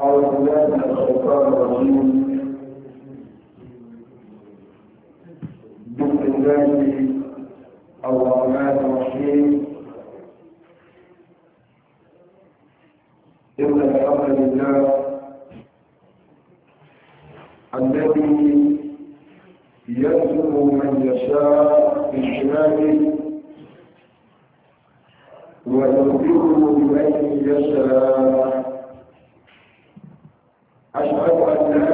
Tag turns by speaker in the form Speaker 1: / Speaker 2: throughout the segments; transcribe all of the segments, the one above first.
Speaker 1: أعوذ بالله من بسم الله الرحمن الرحيم إن الحمد لله الذي يرزق من يشاء بشماله ويخبره بمن يشاء أشهد أن لا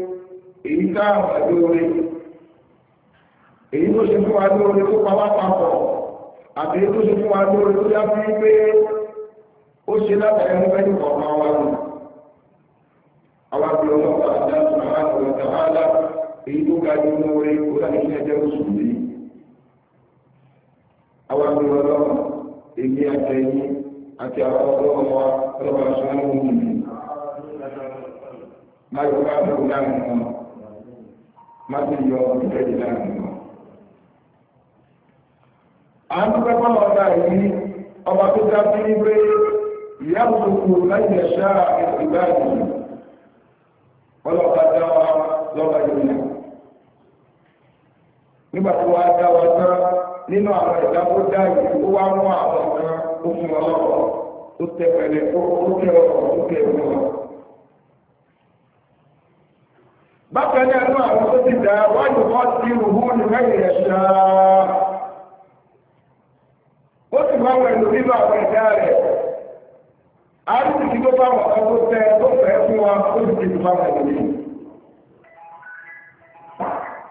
Speaker 1: èyí táàwà lóore èyí tó ṣe fún wa lóore tó pa wá papọ̀ àti èyí tó ṣe fún wa lóore tó yá fún pé ó ṣe látàrí ẹni fẹ́ni kọ̀ọ̀kan wa nù àwọn àbúrò náà wà láti máa ń lọ tààlà èyí tó ga jù lóore kó láti ṣe ẹjẹ́ oṣù yìí àwọn àbúrò èmi àti àwọn ọlọ́wọ́ wa ọlọ́wọ́ aṣọ àwọn ohun ìlú. Máa yọ̀ bá àbúrò náà ma ti yọ ìrẹ́jì láàrin wọn. a ń ọba tó dá sí ní pé ìyá òkùnkùn láì ẹ̀ṣá ìgbàdì ọlọ́pàá dá wa lọ́ba yìí náà nígbà tó wá tán nínú àwọn tó wá mú àwọn ó fún ọlọ́pàá ó ó bákan náà ní àwọn tó ti dá wájú kọ́ sí ìrùhú ní mẹ́rin ẹ̀ṣá ó sì máa wọ ẹ̀lú nínú àwọn ẹ̀dá rẹ̀ a ń sì kí tó bá wọn kan tẹ tó fẹ́ fún wa ó sì ti fún àwọn ẹ̀lú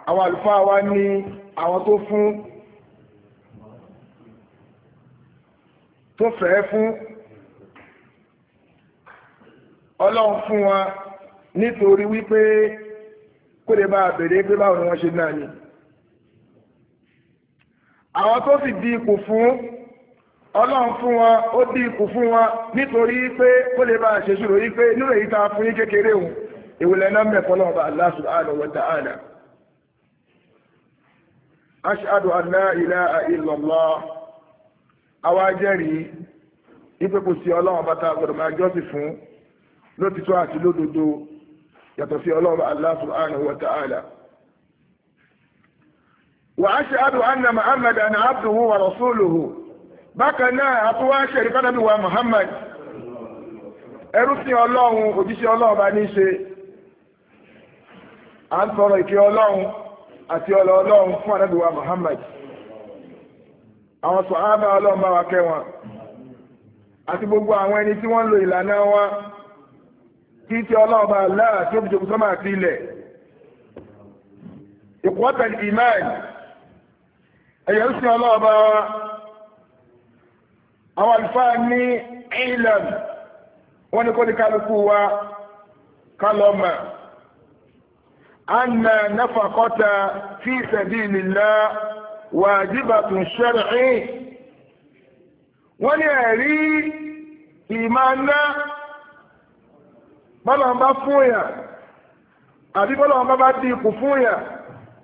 Speaker 1: àwọn àlùfáà wa ní àwọn tó fún tó fẹ́ fún ọlọ́run fún wa nítorí wípé kó lè bá a bèrè pé báwo ni wọ́n ṣe náà ni. àwọn tó sì di ipò fún ọlọ́run fún wọn ó di ipò fún wọn nítorí pé kó lè bá a ṣe ṣòro yìí pé nínú èyí tá a fún yín kékeré òun ìwòlẹ̀ náà mẹ́fọ́ náà bá Allah subhanahu wa ta'ala. ashhadu an la ilaha illallah àwa jẹ́rìí ipe kò sí ọlọ́run bàtà máa jọ́sìn fún lótìtọ́ àti lódodo yàtọ̀ sí ọlọ́run Allah subhanahu wa ta'ala وأشهد a محمدا عبده ورسوله بكنا أطوى شركة نبي محمد ẹrúsìn ọlọ́run òjíṣẹ́ ọlọ́run bá ní ṣe à ń sọ̀rọ̀ ìkẹ́ ọlọ́run àti ọlọ́ ọlọ́run fún wa Muhammad àwọn sọ̀hábà ọlọ́run bá wa kẹ́ àti gbogbo àwọn ẹni tí wọ́n lo ìlànà wọn kí tí ọlọ́ọ̀bá aláà tí ó fi jogún sọ́mà àti ilẹ̀ ìkọ́tẹ̀lì iman ẹ̀yẹ̀ ń sin ọlọ́ọ̀bá wa àwọn àlùfáà ní ilam wọ́n ní kó ní kálukú wa kálọ́mà anna nafaqata fi sabilillah wajibatun shar'i wọ́n ní ẹ̀rí ìmá bọ́lá wọn bá fún yàn àbí bọ́lá wọn bá bá di ikù fún yàn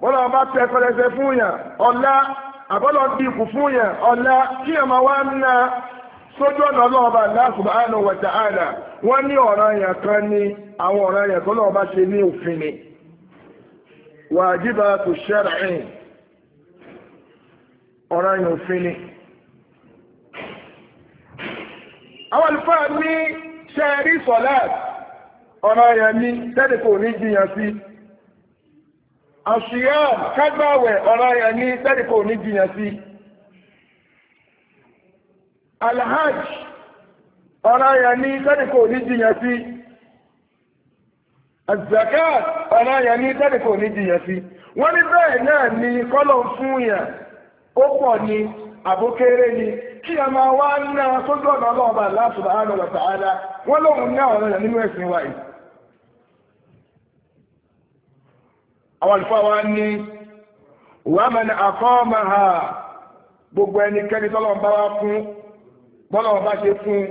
Speaker 1: bọ́lá wọn bá tẹ pẹrẹsẹ fún yàn ọ̀la àbọ́lọ̀ di ikù fún yàn ọ̀la kí ẹ̀ máa wá ná sójú ọ̀nà ọlọ́run bá Allah subhanahu wa wọ́n ní ọ̀ràn yàn kan ní àwọn ọ̀ràn yàn tó lọ́wọ́ ṣe ní òfin ni wajibatu shar'i ọ̀ràn yàn òfin ni. àwọn àlùfáà ní sẹ́ẹ̀rí sọ̀láàtì ọ̀rọ̀ yẹn ní tẹ́lẹ̀ ní jiyàn sí àṣìyá kágbàwẹ̀ ọ̀rọ̀ yẹn ní tẹ́lẹ̀ ní jiyàn sí alhaj ọ̀rọ̀ yẹn ní tẹ́lẹ̀ ní jiyàn sí azakat ọ̀rọ̀ yẹn ní tẹ́lẹ̀ ní jiyàn sí wọ́n ni kọ́lọ̀ fún yàn ó pọ̀ ni àbókéré ni kí a máa wá náà tó gbọ́dọ̀ ọlọ́ọ̀bà láti bàá lọ́wọ́ wọ́n àwọn àlùfáà wa ní wàmẹ́ni àkọ́ọ̀mà ha gbogbo ẹnikẹ́ni tọ́lọ́run bá fún ṣe fún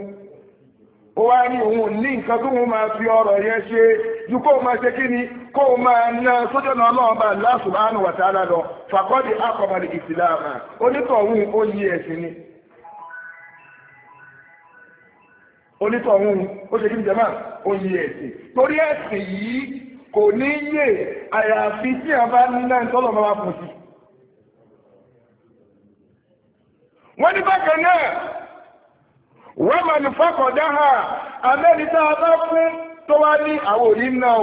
Speaker 1: ó wá ní òun ní nǹkan tó wọ́n máa fi ọ̀rọ̀ yẹn ṣe ju kó máa ṣe kí ni kó máa ná sójú ọ̀nà ọlọ́run bá Allah subhanahu lọ fàkọ́dì akọ̀mọ̀lì ìsìláàmà onítọ̀hún ó yí ẹ̀sìn ni onítọ̀hún ó ṣe kí ni kò ní yè àyàfi tí a bá ní náà tọ́lọ̀ bá wọ́n ní bákan náà wọ́n ní ha amẹ́ni bá fún tó wá ní àwọn òní náà o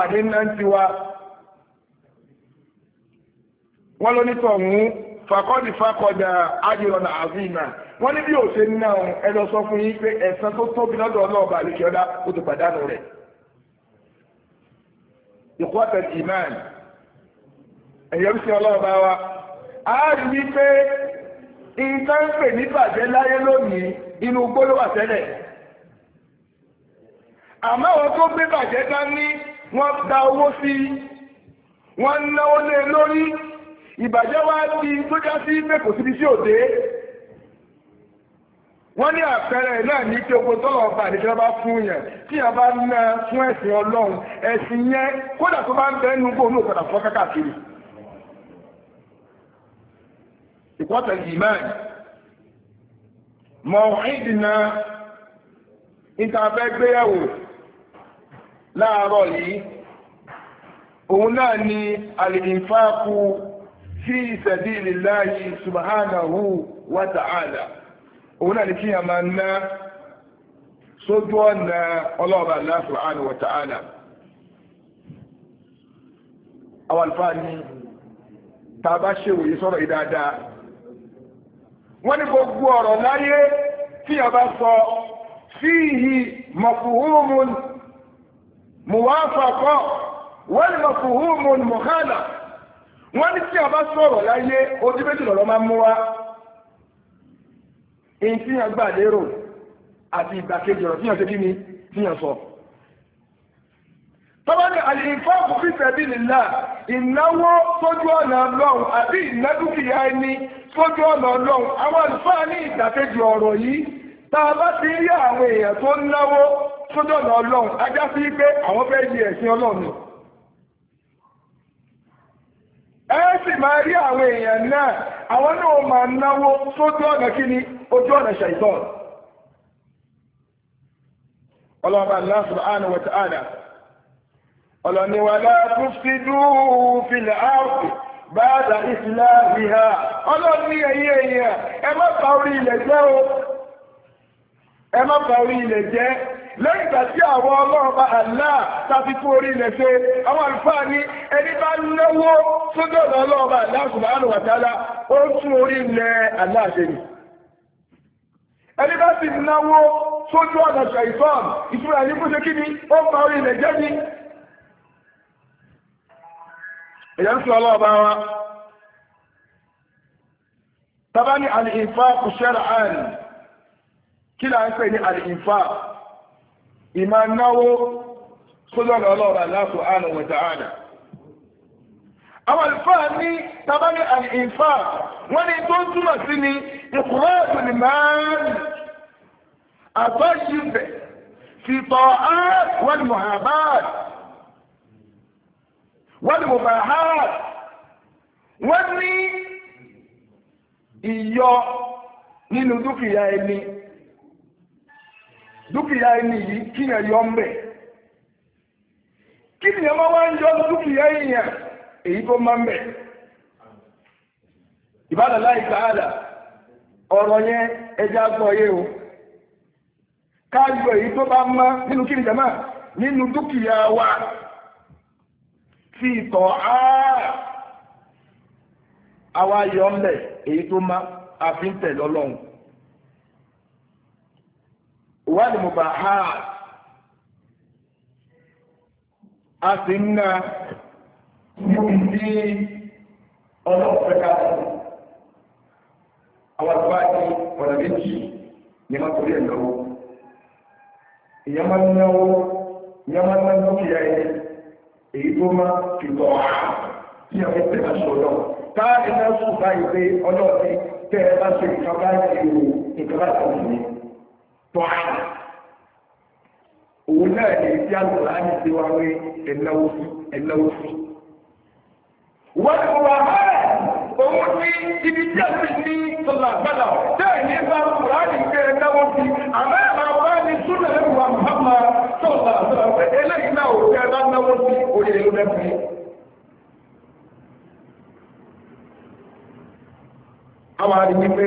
Speaker 1: àní náà ti wá. wọ́n ló ní tọ̀hún fàkọ́dì àfihàn wọ́n ní bí òṣèlú náà ẹ lọ sọ fún yín pé tó ìkọ́tẹ̀ ìmáàlì ẹ̀yẹ́ sí ọlọ́ọ̀bá wa a rí wípé ìta ń pè ní bàjẹ́ láyé lónìí inú gbólówà tẹ́lẹ̀ àmọ́ wọn tó gbé bàjẹ́ dání wọ́n da owó sí wọ́n náwó lé e lórí ìbàjẹ́ wá di tó já sí pé kò síbi sí òde wọ́n ní àpẹẹrẹ náà ní pé ogun tọ́lọ̀ ọba àdìsẹ́ bá fún yẹn tí yẹn bá ná fún ẹ̀sìn ọlọ́run ẹ̀sìn yẹn kódà tó bá ń bẹ́ẹ̀ nùgbò ní òkàdà fún kákàkiri ìkọ́tà ìmáì mọ̀ ìdìnà ìtàfẹ́ gbéyàwó láàárọ̀ yìí òun náà ni àlìdìfáàkù sí sabilillahi subhanahu wa ta'ala òun náà ni kí a máa ná sójú ọ̀nà ọlọ́ọ̀bà Allah subhanahu wa ta'ala àwọn àlùfáà ni tá a bá ṣe òye sọ̀rọ̀ yìí dáadáa wọ́n ní gbogbo ọ̀rọ̀ láyé tí a bá sọ fíìhì mafhumun muwafaqa wal mafhumun mukhalafa wọ́n ní tí a bá sọ̀rọ̀ láyé ojú méjì máa mú wa èyí tí yàn gbà lérò àti ìgbàkejì ọ̀rọ̀ tí yàn ṣe kí ni tí yàn sọ tọ́bọ́dé àlìfọ́ọ̀kù fífẹ́ bí nìlá ìnáwó sójú ọ̀nà ọlọ́run àbí ìnádúkìá ẹni sójú ọ̀nà ọlọ́run àwọn àlùfáà ní ìdàkejì ọ̀rọ̀ yìí tá a bá ti rí àwọn èèyàn tó náwó sójú ọ̀nà ọlọ́run ajá sí pé àwọn fẹ́ yí ẹ̀sìn ọlọ́run ẹ sì máa rí àwọn èèyàn náà àwọn náà máa náwó sójú ọ̀nà kí ni ojú ọ̀nà ṣàìtàn ọlọ́ọ̀bà Allah subhanahu wa ta'ala ọlọ́ni wala tufsidu fil ardi ba'da islahiha ọlọ́ni ẹ̀yẹ èèyàn ẹ má bà orí ilẹ̀ jẹ́ o ẹ má orí ilẹ̀ jẹ́ lẹ́yìn ìgbà tí àwọn ọlọ́ọ̀bá àlá tàbí fún orí ilẹ̀ ṣe àwọn àlùfáà ní ẹni bá náwó tó dọ̀dọ̀ ọlọ́ọ̀bá àlá subhanahu wa ta'ala ó tún orí ilẹ̀ àlá ṣe ni ẹni bá sì náwó sójú ọ̀nà ṣàìsàn ìfúra ní fúnṣe kí ni ó ń tabani al-infaq shar'an kí là ń pè ní al ìmá náwó sójọ́nà ọlọ́rọ̀ aláàkù ánà wẹ̀ta ánà àwọn ìfáà ní tàbí àìfà wọ́n ni tó túmọ̀ sí ni ìkùrọ́ọ̀tù ni máa ń àtọ́ṣìbẹ̀ fìtọ̀ wọ́n mọ̀hàbáàd wọ́n mọ̀hàbáàd wọ́n ní ìyọ nínú dúkìá ẹni dúkìá ẹni yìí kí yẹn yọ mbẹ kí ọmọ wá ń yọ dúkìá èèyàn èyí tó máa ń bẹ̀ ìbádàlá ìtàhálà ọ̀rọ̀ yẹn ẹja gbọ́ yé o ká èyí tó bá mọ́ nínú kí ni jama nínú dúkìá wa tí yọ mbẹ èyí tó má ń wal mubahat a sì ń na ní ọlọ́pẹ́ káàkiri àwọn àgbáyé ọ̀nà méjì ni wọ́n torí ẹ̀ lọ́wọ́ ìyẹn máa ń náwó ìyẹn máa ń náwó kìí ayé èyí tó máa fi lọ wá tí a fi tẹ̀lé aṣọ lọ ká iná sùn báyìí pé ọlọ́ọ̀tí tẹ́ ẹ bá ṣe ìkan báyìí o ìkan báyìí ọ̀hún tọ́ra òun náà lè fi àlùkò láti ṣe wá wé ẹ̀náwó sí ẹ̀náwó sí. wọ́n ti wà bẹ́ẹ̀ òun ní ibi tí a ti ní sọ̀là gbọ́dọ̀ bẹ́ẹ̀ ní bá kùránì gbé ẹ̀náwó sí àmọ́ ẹ̀ máa bá ní súnà ẹ̀rù wa mọ̀hámà sọ̀là gbọ́dọ̀ eléyìí náà òun fẹ́ bá náwó sí òye ló bẹ́ẹ̀ fún yín. àwọn àdìgbò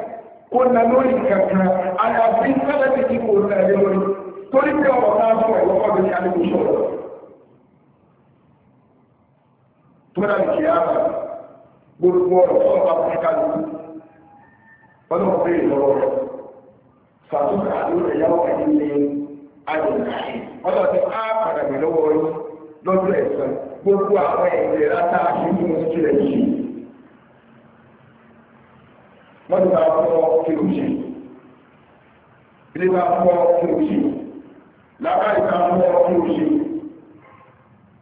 Speaker 1: kó na lórí kankan àyàfi sẹ́lẹ̀tì kí kò na ẹ̀ lórí torí pé ọ̀rọ̀ náà fún ẹ̀ lọ́kọ́ bí alẹ́kùn sọ̀rọ̀ tó dà bí kì á bà gbogbo ọ̀rọ̀ sọ̀rọ̀ bá fún kálukú wọ́n mọ̀ pé ìlọ́wọ́ rẹ̀ sàtúnṣe àdúrà ìyàwó ẹ̀yìn ní àdùnnà wọ́n lọ sí á padà mí lọ́wọ́ yín lọ́dún ẹ̀sán gbogbo àwọn ẹ̀jẹ̀ látà àṣírí mú sílẹ̀ yìí wọ́n bá fọ́ kí o ṣe ilé bá fọ́ kí o ṣe lábáyé bá fọ́ kí o ṣe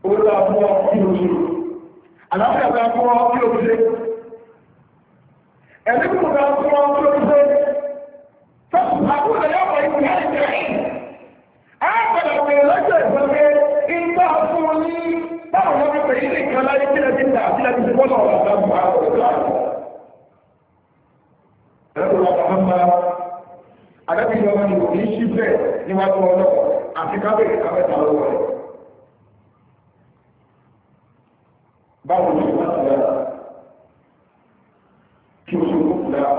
Speaker 1: ó bá fọ́ kí o ṣe àlàáfíà bá fọ́ kí o ṣe ẹ̀mí kò bá fọ́ kí o ṣe sọ́kùn àkúrò yọ̀pọ̀ ìpín láì jẹ́ àpẹẹrẹ òwe lọ́jọ́ ìgbàgbé ìgbà fún ní báwọn ọmọ ìpè yìí nìkan lọ́dọ̀wọ́ Muhammad adábìyọ́mọ́ ni òní ṣí bẹ́ẹ̀ níwájú ọlọ́pọ̀ àti kábẹ̀rẹ̀ kábẹ̀ta lọ́wọ́ rẹ̀ báwo ni ìwọ́n ti lára kí o ṣe òkú lára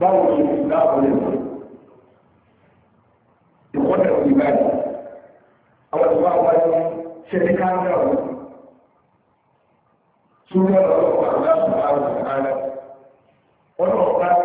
Speaker 1: báwo ni ìwọ́n láàbọ̀ lè mọ̀ ìwọ́n tẹ̀lé ìbáyìí àwọn ìwà wáyé ṣe ní káńtà wọn. Súnmọ́ ọ̀rọ̀ ọ̀pọ̀ àgbà ṣùgbọ́n àwọn ọ̀gá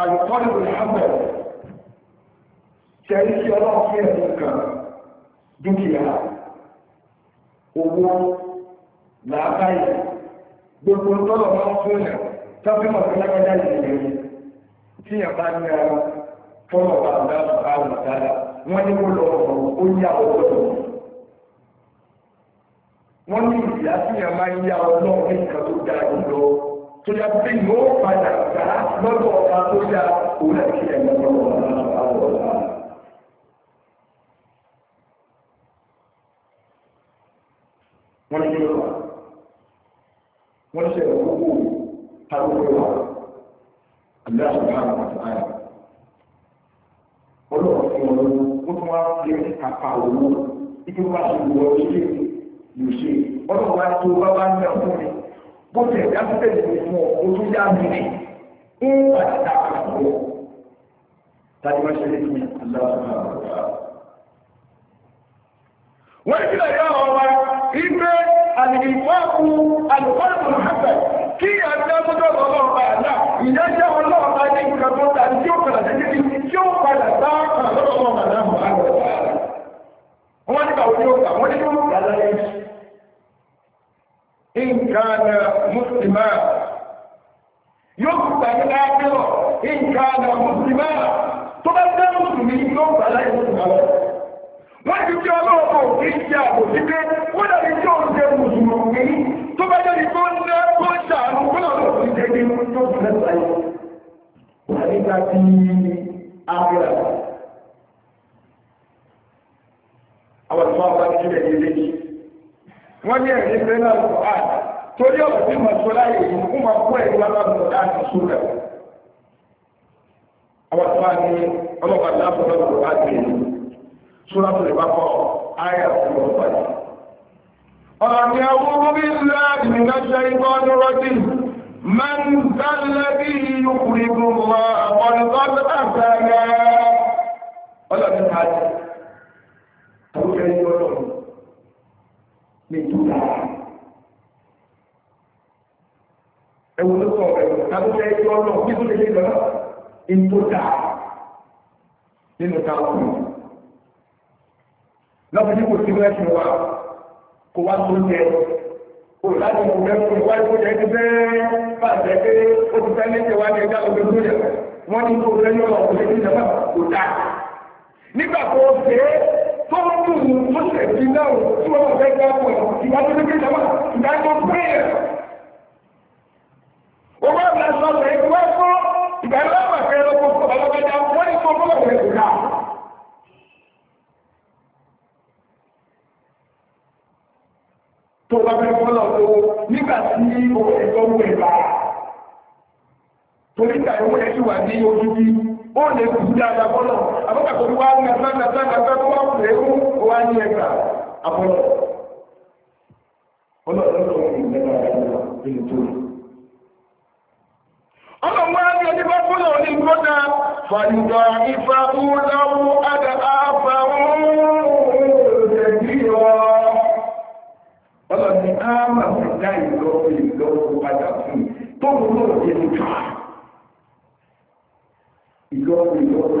Speaker 1: àyùkọ́lù ìhàmẹ̀ tẹ̀rí sí ọlọ́run fún ẹ̀dùn kan dúkìá owó làákàyè gbogbo tọ́lọ̀ máa ń fún ẹ̀ tọ́bí mọ̀ sí lágbájá ìrìnlẹ̀ tí ẹ̀ bá ní ara fọ́lọ̀ bá dá bá wù dára wọ́n ní kó lọ ọ̀rọ̀ ó yá owó lọ. wọ́n ní ìyá tí ẹ̀ máa ń yá ọlọ́run ní nǹkan tó yà pé yóò padà gbà lọ́dọ̀ ọba tó yà òun àti ẹ̀yà lọ́wọ́ àwọn ọ̀la. wọ́n ní yóò wá wọ́n ṣe ìwọ́wọ́ àlùkò wa aláṣọ bá wà láàyè. ọlọ́run fún wọn ó tún wá lé apá owó ibi wá sí ìwọ ilé ìlú ṣe ọlọ́run wá tó bá wá ń yà fún mi bó ti ẹ̀dá tó tẹ̀lé fún ọ ojú yá mi rí ń pàtàkì àkàkọ́ tàbí wọ́n ṣe lè fi aláwọ̀ wọ́n ti lè yá ọ̀wá ìgbé àlìkọ́kù àlùkọ́kù hàbẹ̀ kí àti ọjọ́ ọlọ́ọ̀bà náà ìyájẹ́ ọlọ́ọ̀bà ní ìkàkọ́ta tí ó gbàgbàgbàgbà tó wà pè é mú kó wá ní ẹgbà àbọ̀lọ̀ ọlọ́run ló ń gbé ẹgbà rẹ̀ lọ nínú tó rẹ̀. ọlọ́run wá ní ẹni bá fún ọ̀rọ̀ ní gbọ́dá fàyùgbà ìfà òwúlọ́wọ́ àgbà àfà ọlọ́run ní á máa fi dá ìlọ́wọ́ ìlọ́wọ́ padà fún tó wúlò ìlú ká ìlọ́wọ́ ìlọ́wọ́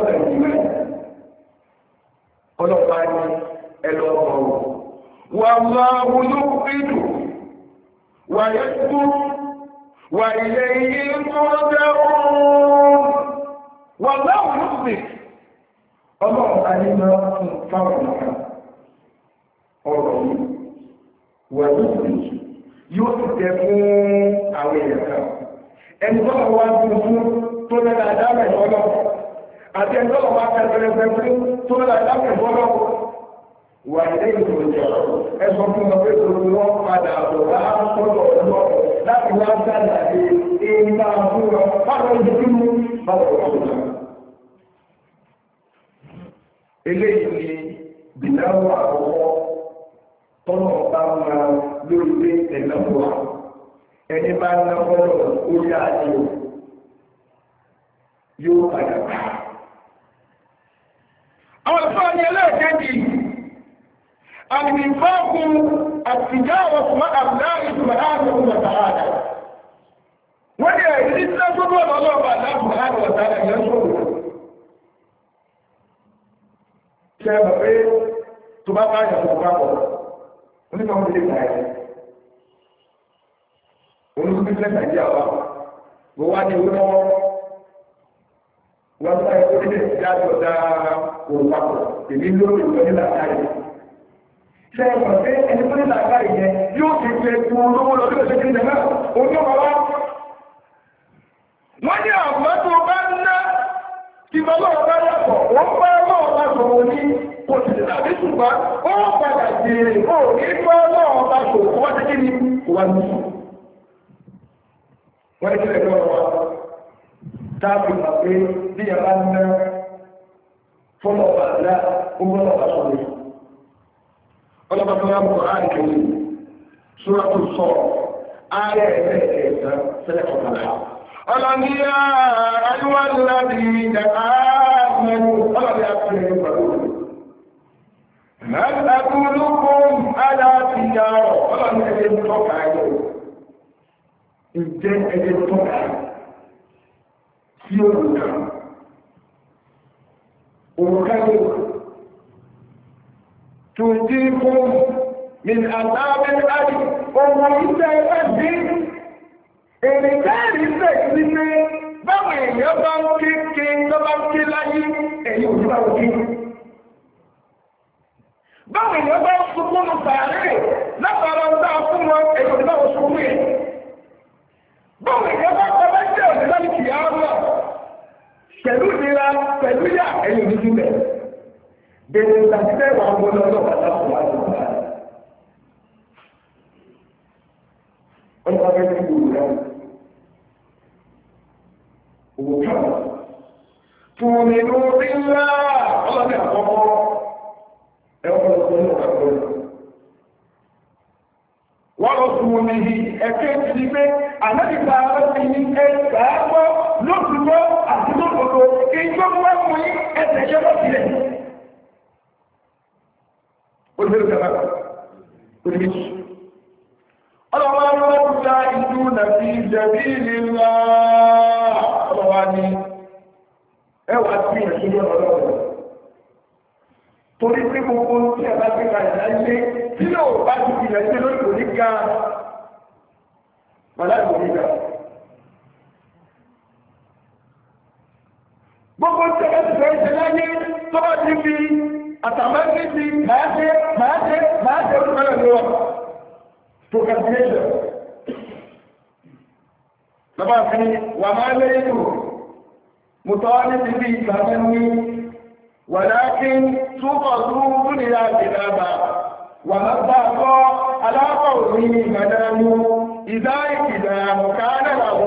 Speaker 1: gbọ́dọ̀ ìdílé ọlọ́pàá ní ẹlọ ọ̀rọ̀ wà wà wúlú ìdù wà yẹ́kú wà ilé iye tó rẹ́ ọ̀rọ̀ wà wà wúlú sí ọlọ́pàá ní máa fún fáwọn ọ̀rọ̀ yìí wà wúlú yóò ti tẹ fún àwọn èèyàn kan ẹni tó wà wá fún fún tó lẹ́la dábẹ̀ ọlọ́pàá àti ẹjọ́ lọ bá kẹfẹ́rẹ́ fẹ́fẹ́ tó lọ ìdákẹ́ bọ́lọ́ wà ilé ìtòjọ ẹsọ fún wọn pé kò ní wọn padà bọ̀ wá sọ́dọ̀ lọ láti wá sàlàyé ìgbà fún wọn fáwọn ojú kí mú báwọn ọ̀rọ̀ náà. eléyìí ni bìdáwò àkọ́kọ́ tọ́nà ọba máa lórí pé ẹ̀lọ́wọ́ wa ẹni bá ń lọ́wọ́ lọ́wọ́ ó yá àjò yóò padà bá a àwọn ìfọ́ ní ẹlẹ́ẹ̀kẹ́jì àmìfọ́kù àtìjáwọ̀ fún àbúdáàrí subhanahu wa ta'ala wọ́n yẹ ìdí tí ó gbogbo ọlọ́ọ̀bà subhanahu wa ta'ala yẹn sọ̀rọ̀ ṣe mọ̀ pé tó bá bá yàtọ̀ papọ̀ onímọ̀ ń lè gbà ẹ̀ olùkú bí fẹ́ nàìjíríà wa wọ́n wá kájọ dá òun papọ̀ èmi lórí ìtọ́jú làtà yìí. ṣe é mọ̀ pé ẹni tó ní làtà yìí yẹn yóò fi pe fún olówó lọ lóṣù kí nìyẹn náà òun yóò wá. wọ́n ní àwọn tó bá ń ná tí mo lọ́wọ́ bá yàtọ̀ ó ń bá lọ́wọ́ bá sọ̀rọ̀ fọlọ́ọ̀bà ńlá ọmọlọ́ọ̀bà sọ̀rọ̀ ọlọ́pàá tó yá mọ̀ áàrì kẹ́lì ṣúra tó sọ ààrẹ ẹ̀rẹ́ ẹ̀ẹ̀ta sẹ́lẹ̀ kọ̀ọ̀lá ọlọ́ni àríwá láti ìdá ààrùn ọlọ́ni àti ẹ̀rẹ́ pẹ̀lú Ìjẹ́ ẹgbẹ́ tọ́ka tí ó rùn náà ومكلف تنجيكم من عذاب الأليم ومن يتقدم èrè káàrí ṣe sí pé báwọn èèyàn bá ń ké ké lọ́bá ń ké láyé èyí ò bá òkè báwọn èèyàn bá ń sunkún ní sàárè lábàárà ń dá fún wọn pẹ̀lú ìlera pẹ̀lú yà ẹ̀yìn òdúdú bẹ̀. Bẹ̀rẹ̀ ìgbàsílẹ̀ wà gbọ́dọ̀ lọ́wọ́ láti wà lọ́wọ́. Wọ́n ti wá fẹ́ sí ìlú rẹ̀. Òwò kàwọ̀. Tùmí ló rí ńlá ọlọ́dẹ àkọ́kọ́. Ẹ wọ́n lọ sọ́nà àkọ́kọ́. Wọ́n lọ sùn omi yìí, ẹ̀kẹ́ ti di pé àmọ́ ìgbà ọ̀sìn ní ẹ̀ka. ẹjọ́ bọ́ sílẹ̀ olùfẹ́ ìjọba olùfẹ́ ọlọ́wọ́ ọlọ́wọ́ ìlú nà fi jẹ̀bí ìlera ọlọ́wọ́ ni ẹwà sí ìṣúná ọlọ́wọ́ torí pé gbogbo tí a bá gbé ka ìlà ilé tí yóò bá ti ìlà ilé lórí kò ní ga wàlá ìwòrí ga gbogbo tẹ́lẹ̀ ti fẹ́ ṣe láyé tọ́wọ́ ti fi àtàmọ́sí ti máa ṣe máa ṣe máa ṣe orúkọ náà lọ procrastination lọ́ba fi wà máa lẹ́yìn tó mùtọ́ ní ti fi ìgbàgbọ́ ní wàlákin túbọ̀ tún dúnìyà ìdàgbà wà máa bá a aláàbọ̀ òní ìgbàdánù ìdá ìgbìdà mọ̀ká náà wò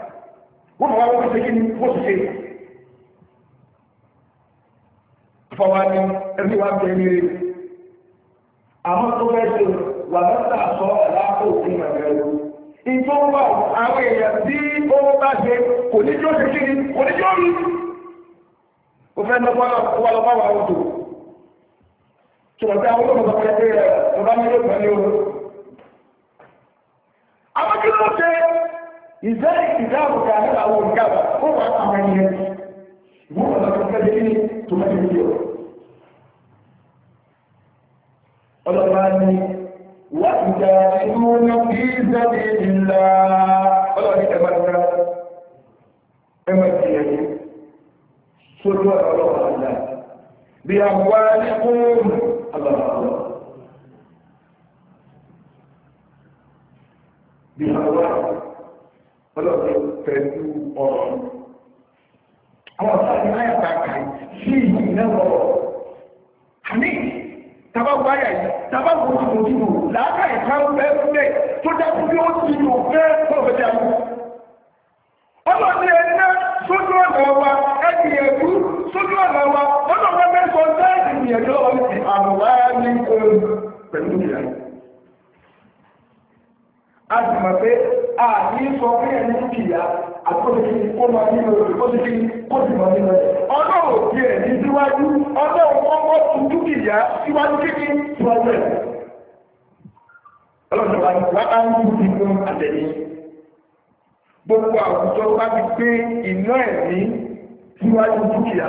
Speaker 1: wọ́n mọ̀ wá wọ́n ṣe kí ni wọ́n ṣe ṣe. fọwọ́ ni ẹni wá bẹ̀rẹ̀ ní rẹ̀. àwọn tó fẹ́ ṣe wà lọ́sà sọ aláàbò òfin màgbẹ́ o. ìjọ wà àwọn èèyàn tí ó bá ṣe kò ní jọ́ ṣe kí ni kò ní jọ́ rí. ó fẹ́ lọ́pọ̀ wà lọ́pọ̀ wà ó tò. sọ̀rọ̀ pé àwọn olóògbé ọ̀pọ̀ ẹgbẹ́ rẹ̀ ọ̀bá mi ló pẹ̀lú o. àwọn kí ló ṣe ازاي كتابه كامل او الكعبه هو عمليات هو لما تتكلم تمثل فيه ọlọ́pàá وَتُجَاهِدُونَ فِي سَبِيلِ اللَّهِ ọlọ́ni ẹgbàtà ẹgbàtà ẹ̀yẹ sójú ọlọ́wọ́ àdá bí a wá ní fún ọlọ́wọ́ bí a wá ọlọ́run pẹ̀lú ọ̀rọ̀ àwọn ọ̀sán ní àyàtà kàí sí ìnáwó àmì tabawo ayà yìí tabawo ojúmojúmò làákà ìka ń bẹ fúnlẹ̀ tó dákú bí ó ti yóò fẹ́ fọ́ọ̀fẹ́ dà mú. ọlọ́run ní ẹni náà sójú ọ̀nà wa ẹni ẹ̀dú sójú ọ̀nà wa ọlọ́run mẹ́sàn-án bẹ́ẹ̀ ni ìyẹn lọ́wọ́ ti àmọ́ wáyé ní pẹ̀lú ìyàwó a sì mọ̀ pé a ní sọ pé ẹni kìyà àkóṣekí kó máa ní lọ rẹ̀ kóṣekí kó sì máa ní lọ rẹ̀ ọ̀nà òbí ẹ̀ ní síwájú ọ̀nà òkọ́kọ́ tuntun kìyà síwájú kékeré síwájú ẹ̀ ọlọ́dọ̀ wa ní wá á ń kú ti fún àtẹ̀yìn gbogbo àwùjọ bá ti gbé iná ẹ̀mí síwájú dúkìá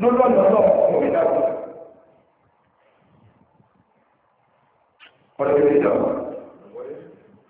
Speaker 1: lọ́lọ́nà náà fún ìdájọ́ ọ̀rẹ́ ìdájọ́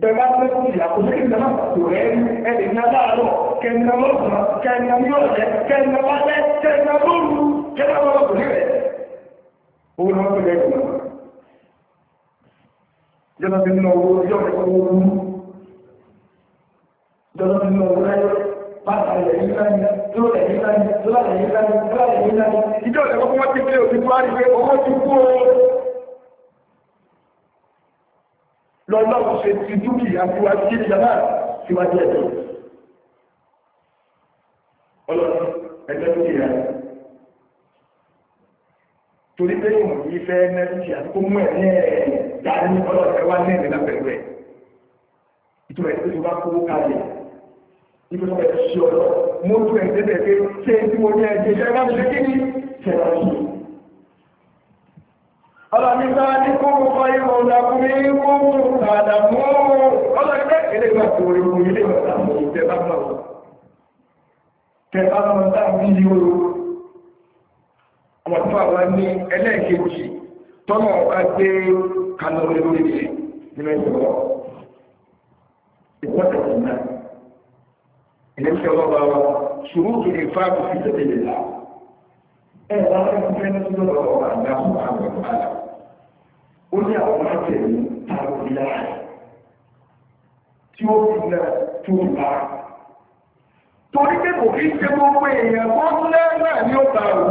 Speaker 1: bẹ̀rẹ̀ pé kò sí àkóso kí nà máa kò rẹ̀ ní ẹ̀rẹ̀ ní aláàárọ̀ kẹ́nà lọ́sàn kẹ́nà ní ọ̀rẹ́ kẹ́nà lálẹ́ kẹ́nà lóru kẹ́nà lọ́rọ̀ kò ní rẹ̀ owó ni wọ́n fi rẹ̀ kùnà jọba ti nínú owó yọ owó rú jọba ti nínú owó rẹ̀ bàtà rẹ̀ yíká ní tó rẹ̀ yíká ní tó rẹ̀ yíká ní tó rẹ̀ yíká ní ìjọ lọ́lọ́run ṣe ti dúkìá síwájú kí ni jama síwájú ẹ̀dọ́ ọlọ́run ẹgbẹ́ dúkìá torí pé ìmọ̀ yìí fẹ́ nẹ́ẹ̀tì àti kó mú ẹ̀mí ẹ̀ dání ọlọ́run ẹwà ní ìrìnà pẹ̀lú ẹ̀ ìtura ẹ̀ tó bá kówó kalẹ̀ ibi tó bẹ̀rẹ̀ sí ọlọ́ mọ́tò ẹ̀ tẹ́tẹ̀ pé ṣé tí mo ní ẹ̀ ṣe ṣẹ́ ọlọ́ni bá ní kúrò kọ́ ìwọ̀n ìdàkùnrin kúrò tààdàmú ọlọ́ni bẹ́ẹ̀ kéré gbà tó orí kò ilé ìwọ̀n tẹ́bá mọ̀ tẹ́bá mọ̀ táàbí yóò ọmọ tó àwọn ní ẹlẹ́ẹ̀kejì tọ́nà ọ̀ká gbé kanú lórí rẹ̀ nínú ìwọ̀ ìpọ́tẹ̀ ìgbà ilé iṣẹ́ ọlọ́ba wa ṣùgbọ́n kì í fáàbù fi tẹ̀lé lẹ́la ẹ̀ láwọn ẹgbẹ́ ní ọlọ́ba àgbà fún àwọn ọ̀gá ó ní àwọn ọ̀sẹ̀ ní táwọn ìlà tí ó fi lẹ̀ tó ń bá. torí pé kò kí ṣe gbogbo èèyàn tó ń lẹ́ náà ní ó bá o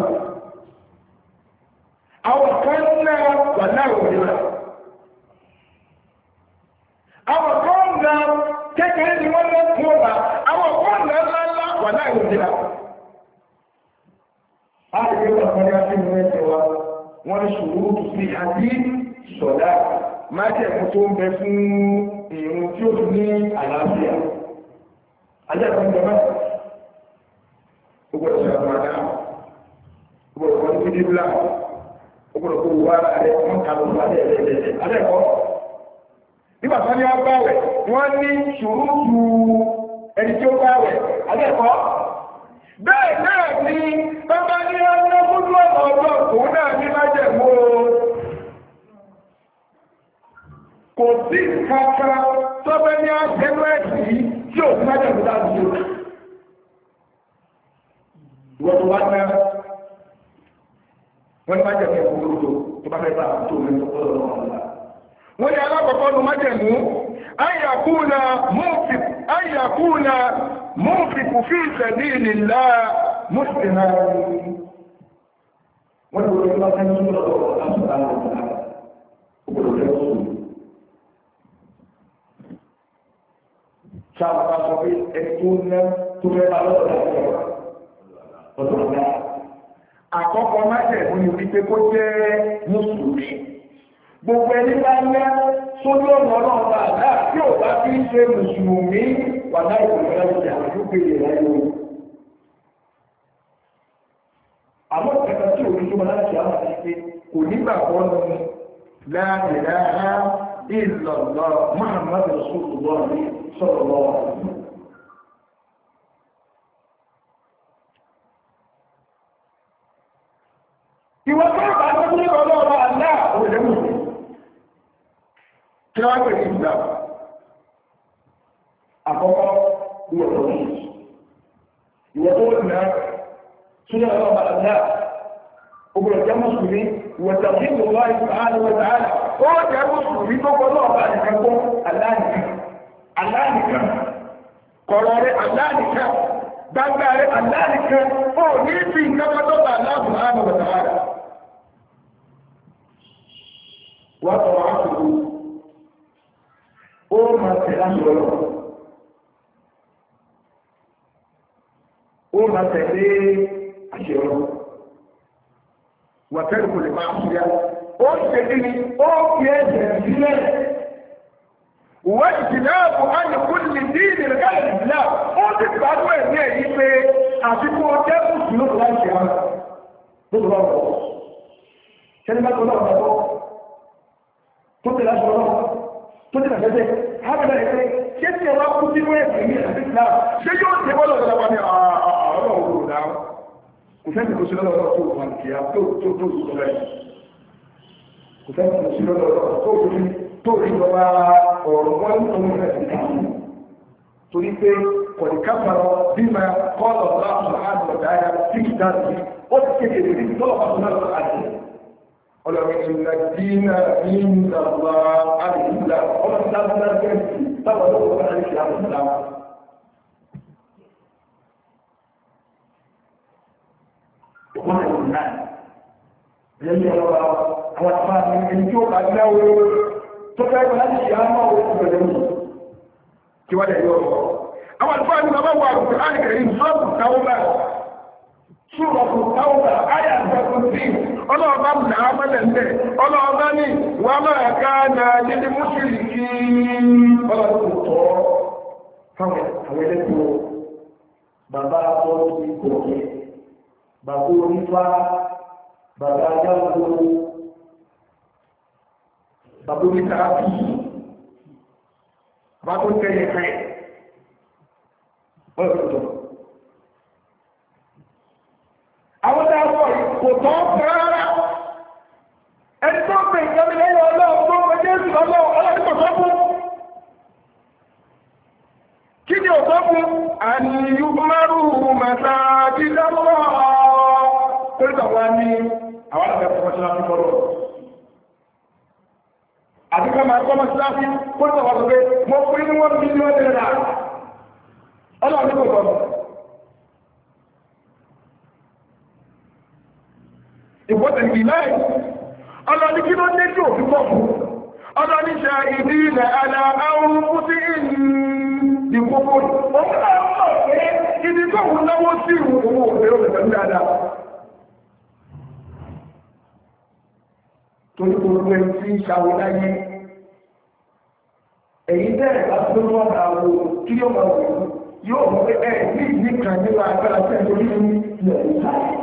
Speaker 1: àwọn kan ń lẹ́ wà náà ò ní rà. àwọn kan ń lẹ́ kékeré ni wọ́n lẹ́ ọ̀la àwọn kan lẹ́ ńláńlá wà náà ò ní rà. a a ti mú ẹ̀jẹ̀ wa wọ́n ní sùúrù sí àdínkù sọ̀dá májẹ̀mú tó ń bẹ fún ìrun tí ó fi ní àlàáfíà ajẹ́kùn jọmọ́ ogbọ̀dọ̀ sàmàdá ogbọ̀dọ̀ wọn ní dídíbla ogbọ̀dọ̀ kó wà rẹ̀ wọn kàlọ̀ lálẹ́ ẹ̀rẹ́dẹ̀ẹ́dẹ̀ alẹ́kọ́ nígbà tó ní agbáwẹ̀ wọ́n ní ṣòrúkú ẹni tí ó báwẹ̀ alẹ́kọ́ bẹ́ẹ̀ náà ni bábá ní ọjọ́ gbogbo ọ̀dọ́ òun náà ní májẹ̀mú kò sí kankan tọ́bẹ́ ní àtẹ́lú ẹ̀sì yìí tí ò sí májẹ̀ ìdá àdúgbò ìwọ̀n tó wá ná wọ́n ní májẹ̀ ìfẹ́ kúrò tó tó bá fẹ́ bá tó rẹ̀ tó kọ́ lọ́wọ́ wọ́n ní alákọ̀ọ́kọ́ nu májẹ̀ mú táwọn bá sọ pé ẹtú ná tó fẹ́ bá lọ́dọ̀ láti ọ̀rọ̀ lọ́dọ̀ ọ̀la. Àkọ́kọ́ májẹ̀mú ni wípé kó jẹ́ mùsùlùmí. Gbogbo ẹni bá ń lẹ́ sójú ọ̀nà ọlọ́run bá àdá tí ò bá fi ń ṣe mùsùlùmí wà láì kò lọ́dọ̀ láti àdúgbò yẹn láyé o. Àmọ́ ìkẹta tí òun tó máa láti àwọn àti pé kò nígbàgbọ́ ni láàrin láàrin إلا الله محمد رسول الله صلى الله عليه وسلم ìwọ̀n tó bá tó ní ọlọ́ọ̀lọ́ aláà òjòmù tí wọ́n pè sí ìgbà àkọ́kọ́ ìwọ̀n tó ní ìwọ̀n tó ní ọlọ́ọ̀lọ́ aláà ògbòrò jẹ́ mọ́sùlùmí وتقييم الله سبحانه وتعالى هو جابوس في الله بعد كم الله نكا الله نكا قرار الله نكا دعار الله نكا هو نيتي كما تطلع الله سبحانه وتعالى وطاعته هو ما سلام الله هو ما تقيم أشياء wọ̀tẹ́lù kò lè máa fi ya ó ṣe kí ni ó fi ẹ̀jẹ̀ sílẹ̀ wọ́n ti náà kò á ní kó lè ní ìdílé káàkiri ìdílé ó ti gbádùn ẹ̀mí ẹ̀ yí pé àfikún ọjọ́ kùsùn ló fà ń ṣe wọn lóòrùn ọ̀rọ̀ ṣẹ́ni bá tó lọ́wọ́ tó tẹ̀lé aṣọ lọ́wọ́ tó tẹ̀lé àgbẹ̀dẹ̀ hábìlẹ̀ ẹ̀ pé ṣé tí ẹ wá kú sínú ẹ̀sìn ní ìlànà kò sẹ́ni kò sí lọ́lọ́rọ̀ tó wà ní kìíyà tó tó tó sọ rẹ̀ kò sẹ́ni kò sí lọ́lọ́rọ̀ tó rí tó rí lọ́wọ́ ọ̀rọ̀ wọn ní ọmọ rẹ̀ sí káàkiri torí pé kọ̀dí kápárọ̀ bí máa kọ́ lọ́wọ́ àwọn àgbọ̀dá ya sí ìdá sí ó ti kéde ní tọ́lọ̀ bá tún lọ́wọ́ àti ọlọ́run ti la dínà ní ìlànà àdìsílà ọlọ́run dáadáa bẹ́ẹ̀ sí táwọn ọlọ́run bá ń ṣe àwọn ìlànà mọ́tẹ̀kùn náà lẹ́yìn ọlọ́wà àwọn àpá tó fẹ́ kọ́ láti bàbá bàbá onífá bàbá ajáwó bàbá onítàrápì bàbá tó tẹ́lẹ̀ kan ọ̀rọ̀ àwọn dáwọ̀ kò tọ́ fẹ́ràn mọ́síláṣí kó tó wà pé mo fún ní wọ́n bí ló lè rà ọlọ́run kò gbọ́n. ìwọ́tẹ̀ ìlàyé ọlọ́run kí ló dé tí òfin pọ̀ fún ọlọ́run ṣe ìdí ilẹ̀ àlà àwọn fúti ìkókó òun náà mọ̀ pé ibi tó ń náwó sí ìwọ̀n owó òfin òfin pẹ̀lú dáadáa torí gbogbo ẹni tí ń ṣàwọ́ láyé tó wọ́n máa wo kí yóò máa wò yóò mọ̀ pé ẹ̀ ní ìdí nípa agbára tẹ̀lé orí ilẹ̀ ìsáyẹ̀.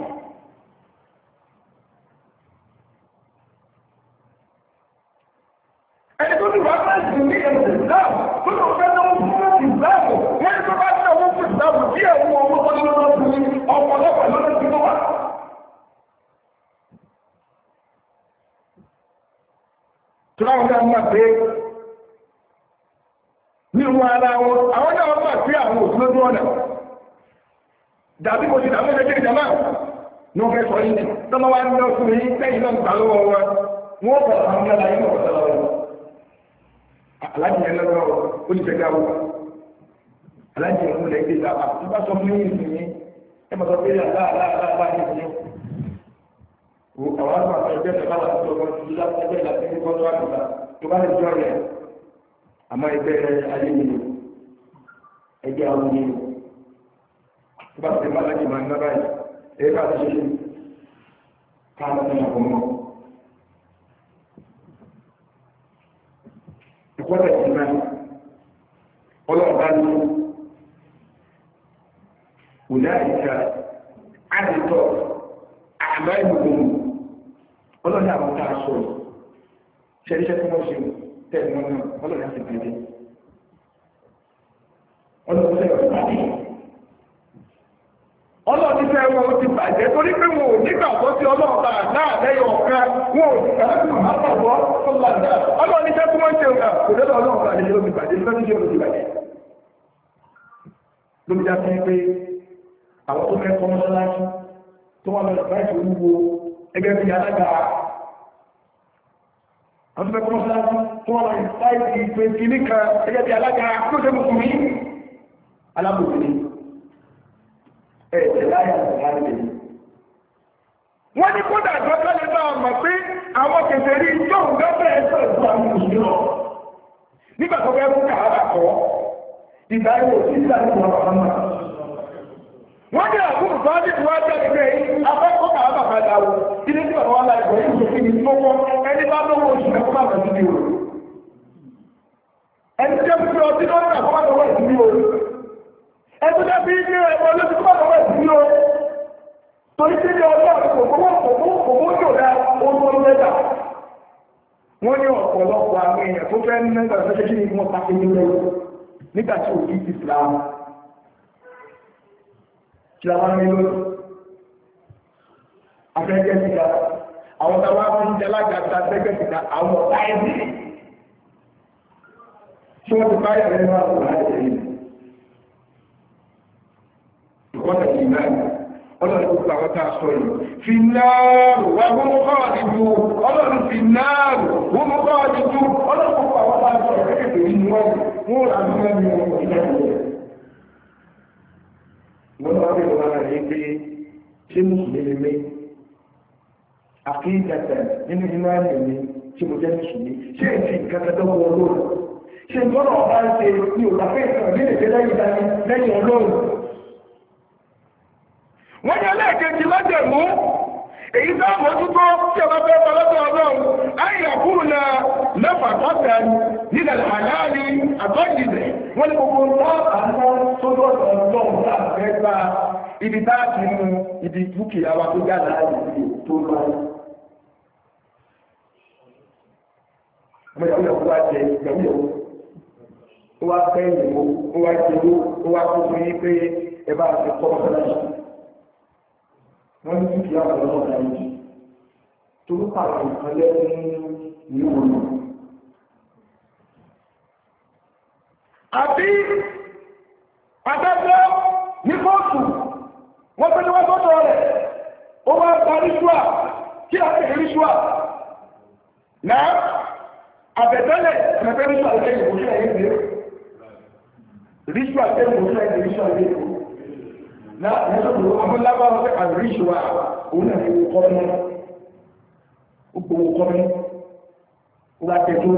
Speaker 1: ó ní fẹ́gà wò aláǹtí ìlú rẹ̀ gbé sábà tó bá sọ fún yín ìsìn yín ẹ mọ̀ sọ pé aláàláàláà ní ìsìn yín wò àwọn àgbà sọ ẹgbẹ́ ìjọba wà tó lọ sí ẹgbẹ́ ìlàsí ní kọ́tọ́ àgbà tó bá lè jọ rẹ̀ àmọ́ ẹgbẹ́ ayé mi ẹgbẹ́ àwọn mi tó bá ti má láti máa ń nábàá yìí ẹgbẹ́ àti ṣe káàmù ní àkọ́mọ́. Ìkọ́lẹ̀ ìgbà yìí ọlọ́ọ̀bá ní ọ̀dáìka àdìtọ̀ àmà ìgbòho ọlọ́ọ̀dá àwọn tá a sọ ṣẹ́ríṣẹ́ tí wọ́n ṣe tẹ̀lé wọn náà ọlọ́ọ̀dá ti bàjẹ́ ọlọ́ọ̀dá ti bàjẹ́ ọlọ́ọ̀ni fẹ́ wọn ó ti bàjẹ́ torí pé wọn ò nígbàgbọ́ sí ọlọ́ọ̀ta náà lẹ́yìn ọ̀kan wọn ò sì kàá sùn àpapọ̀ ọlọ́ọ̀ta ọlọ́ọ̀ni fẹ́ tí wọ́n ṣe ọ̀gá kò lọ́dọ̀ ọlọ́ọ̀ta ni ló ti bàjẹ́ ló ti ṣe ló ti bàjẹ́. ló ti já sí pé àwọn tó kẹ́kọ̀ọ́ mọ́ṣáláṣí tó wà lọ́dọ̀ láìsí olúwo ẹgbẹ́ bíi alága àwọn tó kẹ́kọ̀ọ́ mọ́ṣáláṣí tó wà lọ́dọ̀ láìsí pé kìnnìkan ẹgbẹ́ bíi alága tó ṣe mùsùlùmí alábòsílẹ̀ ẹ̀jẹ̀ láyé àtàlẹ́ yìí. wọ́n ní kódà àgbàkálẹ̀ náà mọ̀ pé àwọn kẹfẹ́ rí yóò gbẹ́bẹ̀ ẹ̀sọ̀ ìlú àwọn òṣìṣẹ́ nígbà tó fẹ́ fún kàrà kọ́ ìgbà yóò sí ìlànà ìwọ̀n bàbá náà. wọ́n ní àbúrò bá ní ìwà tẹ̀lé afẹ́kọ́ kàrà bàbá dáwọ́ ilé tí bàbá wà láì pọ̀ yìí kò ní lọ́wọ́ ẹni bá lọ́wọ́ oṣù mẹ́kọ́ bàbá sí ni o ẹni jẹ́ fún ọtí lọ́wọ́ ẹgbẹ́ bí ní ẹ̀mọ́ ló ti kọ́ ọ̀pọ̀ sí o torí tí ní ọjọ́ òkòkòrò òkòkòrò jòdá ojú ọlọ́dà wọ́n ní ọ̀pọ̀lọpọ̀ àwọn èèyàn tó fẹ́ nígbà tó ṣe kí ni wọ́n pàṣẹ nílẹ̀ nígbà tí òkú ti fìlà wọn ní lórí afẹ́gẹ́ síta àwọn táwa ń jẹ alágbàtà afẹ́gẹ́ síta àwọn ọ̀tá ẹ̀sìn tí wọ́n ti báyà lẹ́nu àwọn ọ̀tá ẹ̀sìn wọ́n ti náà ọlọ́run tó pàwọ́ tá a sọ yìí fi náàrù wà gbọ́mú kọ́wà dìbò ọlọ́run fi náàrù gbọ́mú kọ́wà dìbò ọlọ́run tó pàwọ́ tá a sọ yìí kékeré yìí wọ́n wọ́n rà mí lẹ́nu ìlẹ́nu wọ́n wá bí wọ́n rà yìí pé ṣé mùsùlùmí mi àkíyèsẹ̀ nínú ìmáàmì mi tí mo jẹ́ mùsùlùmí ṣé èsì kankan tó wọ́n lóòrùn ṣe gbọ́dọ̀ ọ̀bá ń ṣe ní òlàfẹ́ ìsọ̀rọ̀ nílẹ̀ lẹ́yìn ọlọ́run wọ́n ní ẹlẹ́ẹ̀kejì lọ́jẹ̀mú èyí tó àmójútó tí ọba fẹ́ fọlọ́tọ̀ ọlọ́run ayẹ̀kú na lọ́fà tọ́tẹ̀ nílẹ̀ àláàrí àtọ́jìlẹ̀ wọ́n ní gbogbo lọ́ọ̀bà náà tó lọ́dọ̀ ọlọ́run láàfẹ́ gba ibi táàkì mú ibi dúkìá wa tó gàdá ìlú tó lọ. ọmọ ìyàwó yàwó wá jẹ ìyàwó yàwó ó wá fẹ́ ìyàwó ó wá jẹ owó ó wá tó fún yín pé ẹ bá ti kọ́ ọ́ wọ́n ní kí á lọ́wọ́ ọ̀dà yìí tó ń pàrọ̀ nǹkan lẹ́nu ní ọ̀nà. àbí adájọ́ ní kóòtù wọ́n fẹ́ ní wọ́n tọ́tọ̀ rẹ̀ ó wá gba ríṣùà kí á sì ríṣùà náà àbẹ̀tẹ́lẹ̀ ẹ̀fẹ́ ríṣùà lẹ́yìn òṣèlú ẹ̀yẹ́ ríṣùà lẹ́yìn òṣèlú ẹ̀yẹ́ ríṣùà lẹ́sọ̀tò abúlábáwá pé àríṣùwà òun náà fi kọ́ mi ó gbowó kọ́ mi ó bá tẹ̀ tó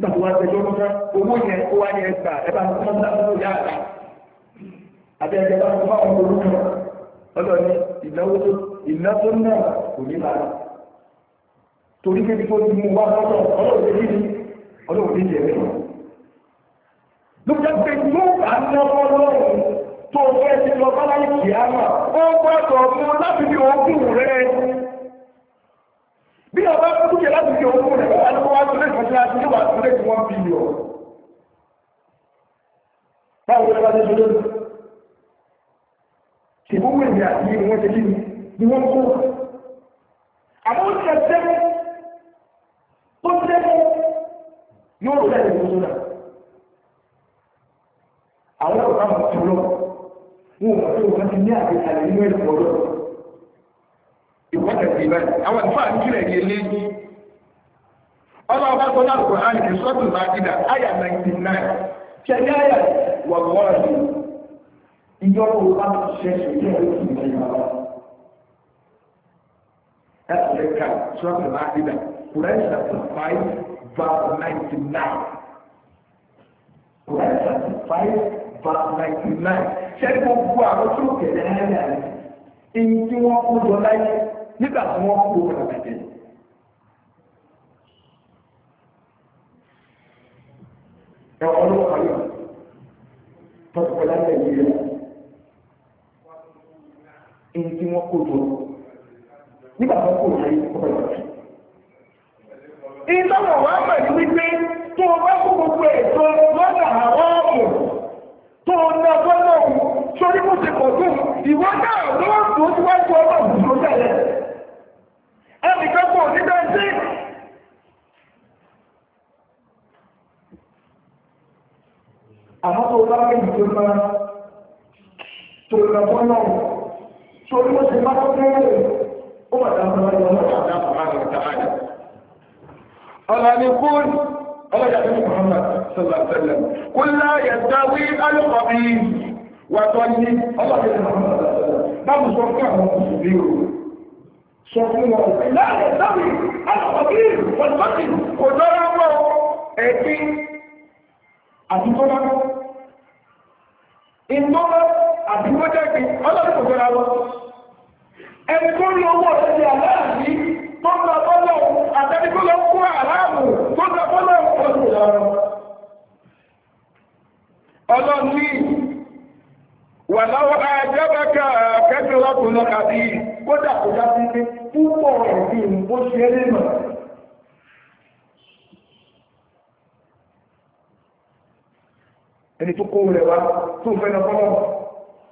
Speaker 1: náà wá tẹ̀ tó náà owó yẹn ó wá yẹn gbà ẹ bá tó náà tó yá àgbà àti ẹ̀jẹ̀ bá tó fáwọn olùkọ́ ọlọ́ ní ìnáwó tó ìná tó náà kò ní bá torí pé kó ti mú wá lọ́dọ̀ ọlọ́run ní ọlọ́run ní ìjẹ̀mẹ́ lókè pé tó bá ná ọlọ́run tó fẹ́ sí lọ bá láì kì á mà ó gbọ́dọ̀ mú láti fi ogún rẹ̀ bí ọba tó kúkẹ́ láti fi ogún rẹ̀ wọ́n ti wá sílé ìfọ̀sí láti ní wà sílé tí wọ́n bílíọ̀ báwo ni wọ́n ti ṣe lónìí ṣègbówó ìrìn àti ìwọ̀n ṣe kí ni wọ́n kó àmọ́ ó ṣe sẹ́yìn tó sẹ́yìn yóò rẹ̀ ìwọ̀n náà àwọn ọ̀gá mọ̀ tó lọ́wọ́ wọn ò tó wọn ti ní àgbékalẹ̀ nínú ẹ̀kọ́ lọ. ìwọ́n tẹ̀sí báyìí àwọn ìfọ́ àtúntìlẹ̀ yẹn léyìn. ọlọ́wọ́ bá sọ náà bàrà náìtì náì ṣẹ́ni gbogbo àwọn tó kẹ̀lẹ́ ẹ̀rẹ́ rẹ̀ èyí tí wọ́n kó jọ láyé nígbà tí wọ́n kó rẹ̀ bẹ̀tẹ̀. ẹ̀wọ̀n ló wà yọ tọ́sùpọ̀ láyé yìí rẹ̀ èyí tí wọ́n kó jọ nígbà tí wọ́n kó láyé kó rẹ̀ bẹ̀tẹ̀. ìtọ́wọ̀ wá pẹ̀lú wípé tó o bá kó gbogbo ètò lọ́dọ̀ àwọn ọ̀pọ̀ tó ní ọjọ́ sórí kò ti pọ̀ tó ìwọ náà ló tó síwájú ọlọ́run tó tẹ̀lé ẹnìkan pọ̀ nígbà sí àmọ́ tó lára ìlú tó máa tó lọ́wọ́ náà sórí صلى الله عليه وسلم قل لا يستوي الخبيث والطيب الله يسمع بابا لا يستوي الخبيث والطيب قدروا ẹ̀tí àti tó máa ìtọ́lá àti tó jẹ́kì ọlọ́rin kò jọra lọ ẹni tó ní owó ọ̀sẹ̀ aláàrí ọlọ́run ní wà láwọ́ ajábákà kẹ́kẹ́rọ́ tó lọ kàbí kódà kó já sí pé púpọ̀ ẹ̀bí ó ṣe é mọ̀ ẹni tó kó rẹ̀ wá tó fẹ́ lọ fọ́lọ́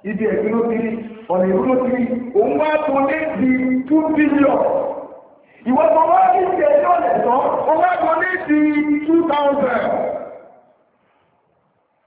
Speaker 1: ibi ẹ̀bí ló ti rí ọ̀nà ìlú ló ti rí òun wá tó lé di two billion ìwọ́n tó wá ní ìṣẹ́jọ́ lẹ̀ tán ó wá tó lé di two thousand.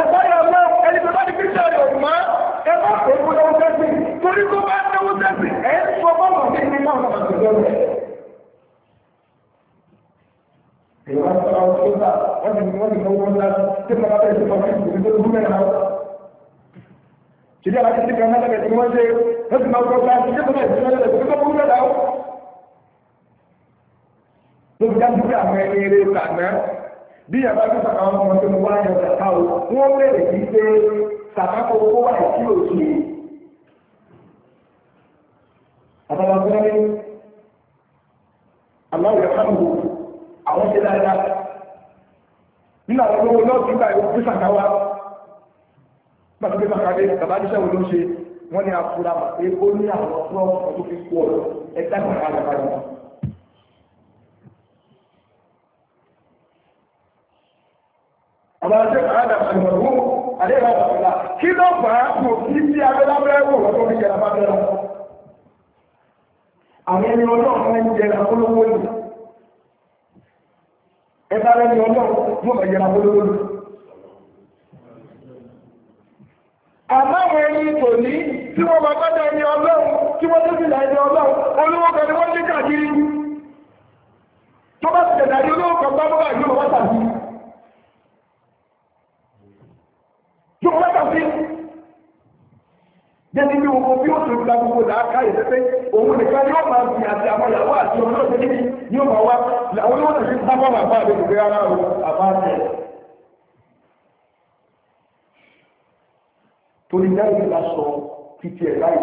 Speaker 1: ẹ̀fọ́ yọ ọmọ ẹni tó bá ti kíkọ́ ọ̀rọ̀ ọ̀gbọ́n ẹ̀fọ́ kò ń gbọ́dọ̀ wọ́n sẹ́sìn torí tó bá ń tẹ́wọ́ sẹ́sìn ẹ̀ ń sọ bọ́ọ̀mù sí ní náà lọ́wọ́ sí lọ́wọ́. Ìwọ́n sọ̀rọ̀ ọ̀ṣun sá, wọ́n ti wọ́n ti fọwọ́ ńlá tí mo bá bẹ̀rẹ̀ sí fọwọ́ ìgbìmọ̀ tó dúró mẹ́rin náà. Ṣèjọ́ àti ṣíkà náà lẹ́gbẹ̀ẹ́ tí wọ́n bí yàrá tó sàkà wọn ọmọ tó ń wá yọ sàkà o wọn bẹ̀rẹ̀ sí pé sàkà kó kó wà sí òsì. àtàwọn tó ní aláwọ̀ yàrá ń wò àwọn ṣe dáadáa nínú àwọn olówó náà tó gbà yóò fi sàkà wa pàtó pé sàkà bàbá níṣẹ́ wo ló ń ṣe wọ́n ní afurama pé ó ní àwọn tó fi kú ọ̀rọ̀ ẹ̀dá kan àgbàlagbà bàbá ṣe àádà ṣàgbọ̀rún àdéhà ọ̀la kí ló fà á kò kí sí abẹ́lábẹ́rẹ́ wò lọ́tọ́ fi jẹ̀rà bá bẹ́rẹ̀ àwọn ẹni ọlọ́run máa ń jẹ̀rà olówó ni ẹ bá lẹ́ni ọlọ́run yóò máa jẹ̀rà olówó ni àmọ́ àwọn ẹni tò ní tí wọ́n bá bá ẹni ọlọ́run tí wọ́n tó fi là ẹni ọlọ́run olówó kan ni wọ́n ní káàkiri tó bá ti tẹ̀lé ayé olówó kan bá bọ́ àjọ wọn tàbí ọkọ̀ mẹ́ta sí jẹ́ni bí gbogbo bí ó tún gba gbogbo làákà yìí òun nìkan ni ó máa fi àti àwọn àti ọmọ náà tẹ́lẹ̀ ní ọmọ wa làwọn yóò tẹ̀sí sábà wà bá àbẹ̀kù pé ara rẹ̀ àbá tẹ̀. torí dáìbì lásọ títí ẹ̀ láì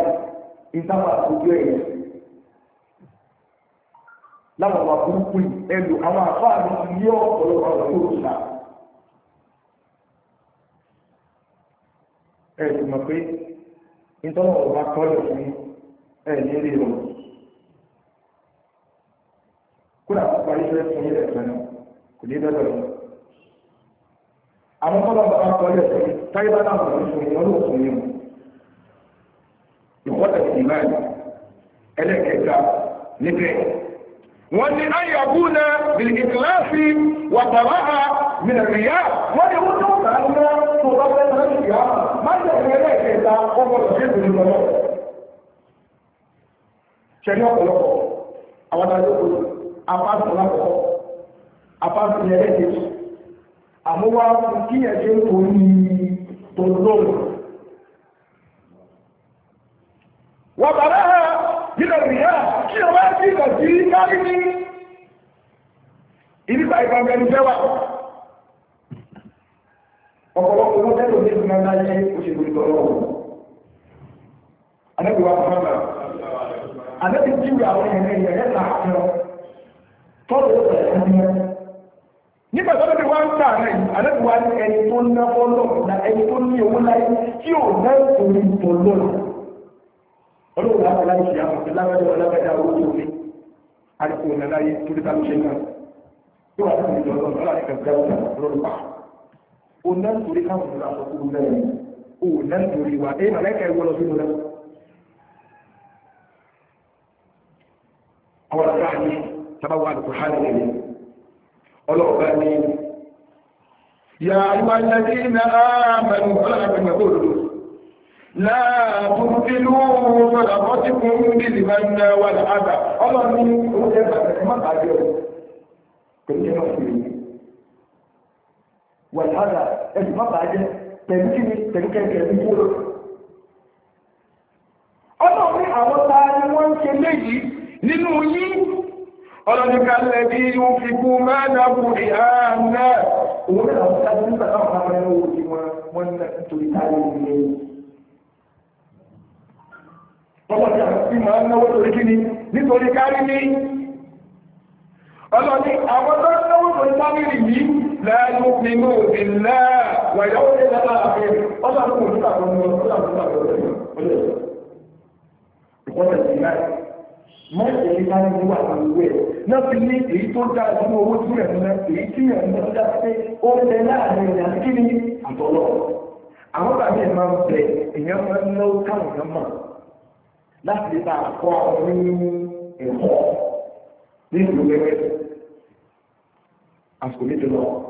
Speaker 1: ìdáwà àtúndú ẹ̀yìn láwọn wà burúkú ẹlò àwọn àfáà ní ọ̀pọ̀lọpọ̀ ẹ ti mọ̀ pé nítorí ọ̀rọ̀ bá kọ́lẹ̀ fún ẹ ní rí rọ̀ kódà kó parí fẹ́ fún ilẹ̀ ẹ̀fẹ́ náà kò ní bẹ́ẹ̀ lọ. àwọn tọ́lọ̀ bá kọ́lẹ̀ fún táyé bá náà kọ̀ fún ìwọ́n ló fún yẹn ìkọ́tẹ̀ sí báyìí ẹlẹ́kẹ̀ẹ́ta níbẹ̀ wọ́n ní ayọ̀kú náà bìlì ìkìláàsì wàtàrà ha mìnàríyá wọ́n ní wọ́n àtàlẹ́ tó bá fẹ́ tẹ́lẹ̀ sí ìyá májẹ̀ ìrẹ́lẹ̀ ìkẹta ọgbọ̀n sí ìlú lọ́wọ́ ṣẹlẹ̀ ọ̀pọ̀lọpọ̀ àwọn adájọ́ apáàtì lápọ̀ apáàtì ìrẹ́lẹ̀ kejì àmúwá kíyẹ̀ tí ó kò ní tó lóòrùn ọ̀pọ̀lọpọ̀ wọn tẹ́lẹ̀ ní ìgbìmọ̀ láyé oṣèlú ìtọ́lọ́wọ̀ anẹ́bíwá mọ́hánà anẹ́bí jíwì àwọn ẹ̀rẹ́ ìyẹ̀rẹ́ làájọ tọ́lọ̀ ẹ̀rẹ́ nígbà tó lóbi wá ń tà rẹ̀ anẹ́bíwá ní ẹni tó ń ná fọ́lọ̀ na ẹni tó ní owó láyé tí ò náà torí tọ́lọ̀ ọlọ́run láwọn láyé ṣe àwọn ìlàwọ́dẹ́ ọlọ́gbẹ́dá owó tó fi àríkò ìrìnàláyé torí tá ló ṣe náà tó wà ní ìjọba ọlọ́run láti kẹ̀kẹ́ ọlọ́run pàá òun náà torí káwọn ìlú àkọ́kọ́ bẹ́ẹ̀ òun náà torí wà ẹ màlẹ́kà ìwọ lọ sínú náà. àwọn àgbà ní sábàwọ́ àdùkù hàn nílẹ̀ ọlọ́ọ̀gá ní yà àwọn ẹlẹ́dí náà mẹ́nu ọlọ́ọ̀gá ní ẹ̀kọ́ òdodo láà tùbílú ọ̀rọ̀ ọ̀tíkùn bí ìbáná wà láàbà ọlọ́ọ̀ni ó jẹ́ bàtẹ̀ wàlúwàlà ẹ̀sùn má bàá jẹ́ pẹ̀lú kí ni pẹ̀lú kẹ̀kẹ́ ní kúrò. ọ̀nà ní àwọn ta ni wọ́n ń ṣe léyìí nínú yín ọ̀nà ní kalẹ̀ bí yóò fi kú mẹ́ta kù ní àná. òun náà àwọn táyé nígbà táwọn bá fẹ́ wò ní wọn wọn náà nítorí táyé ní Ọlọ́dí àti máa ń náwó lórí kíni nítorí kárí ní. Ọlọ́dí àwọn tó ń náwó lórí kárí laa nínú ìlà wàyáwó ní ìlànà àfihàn ọlọ́run kò àwọn ọmọ àwọn ọmọ àwọn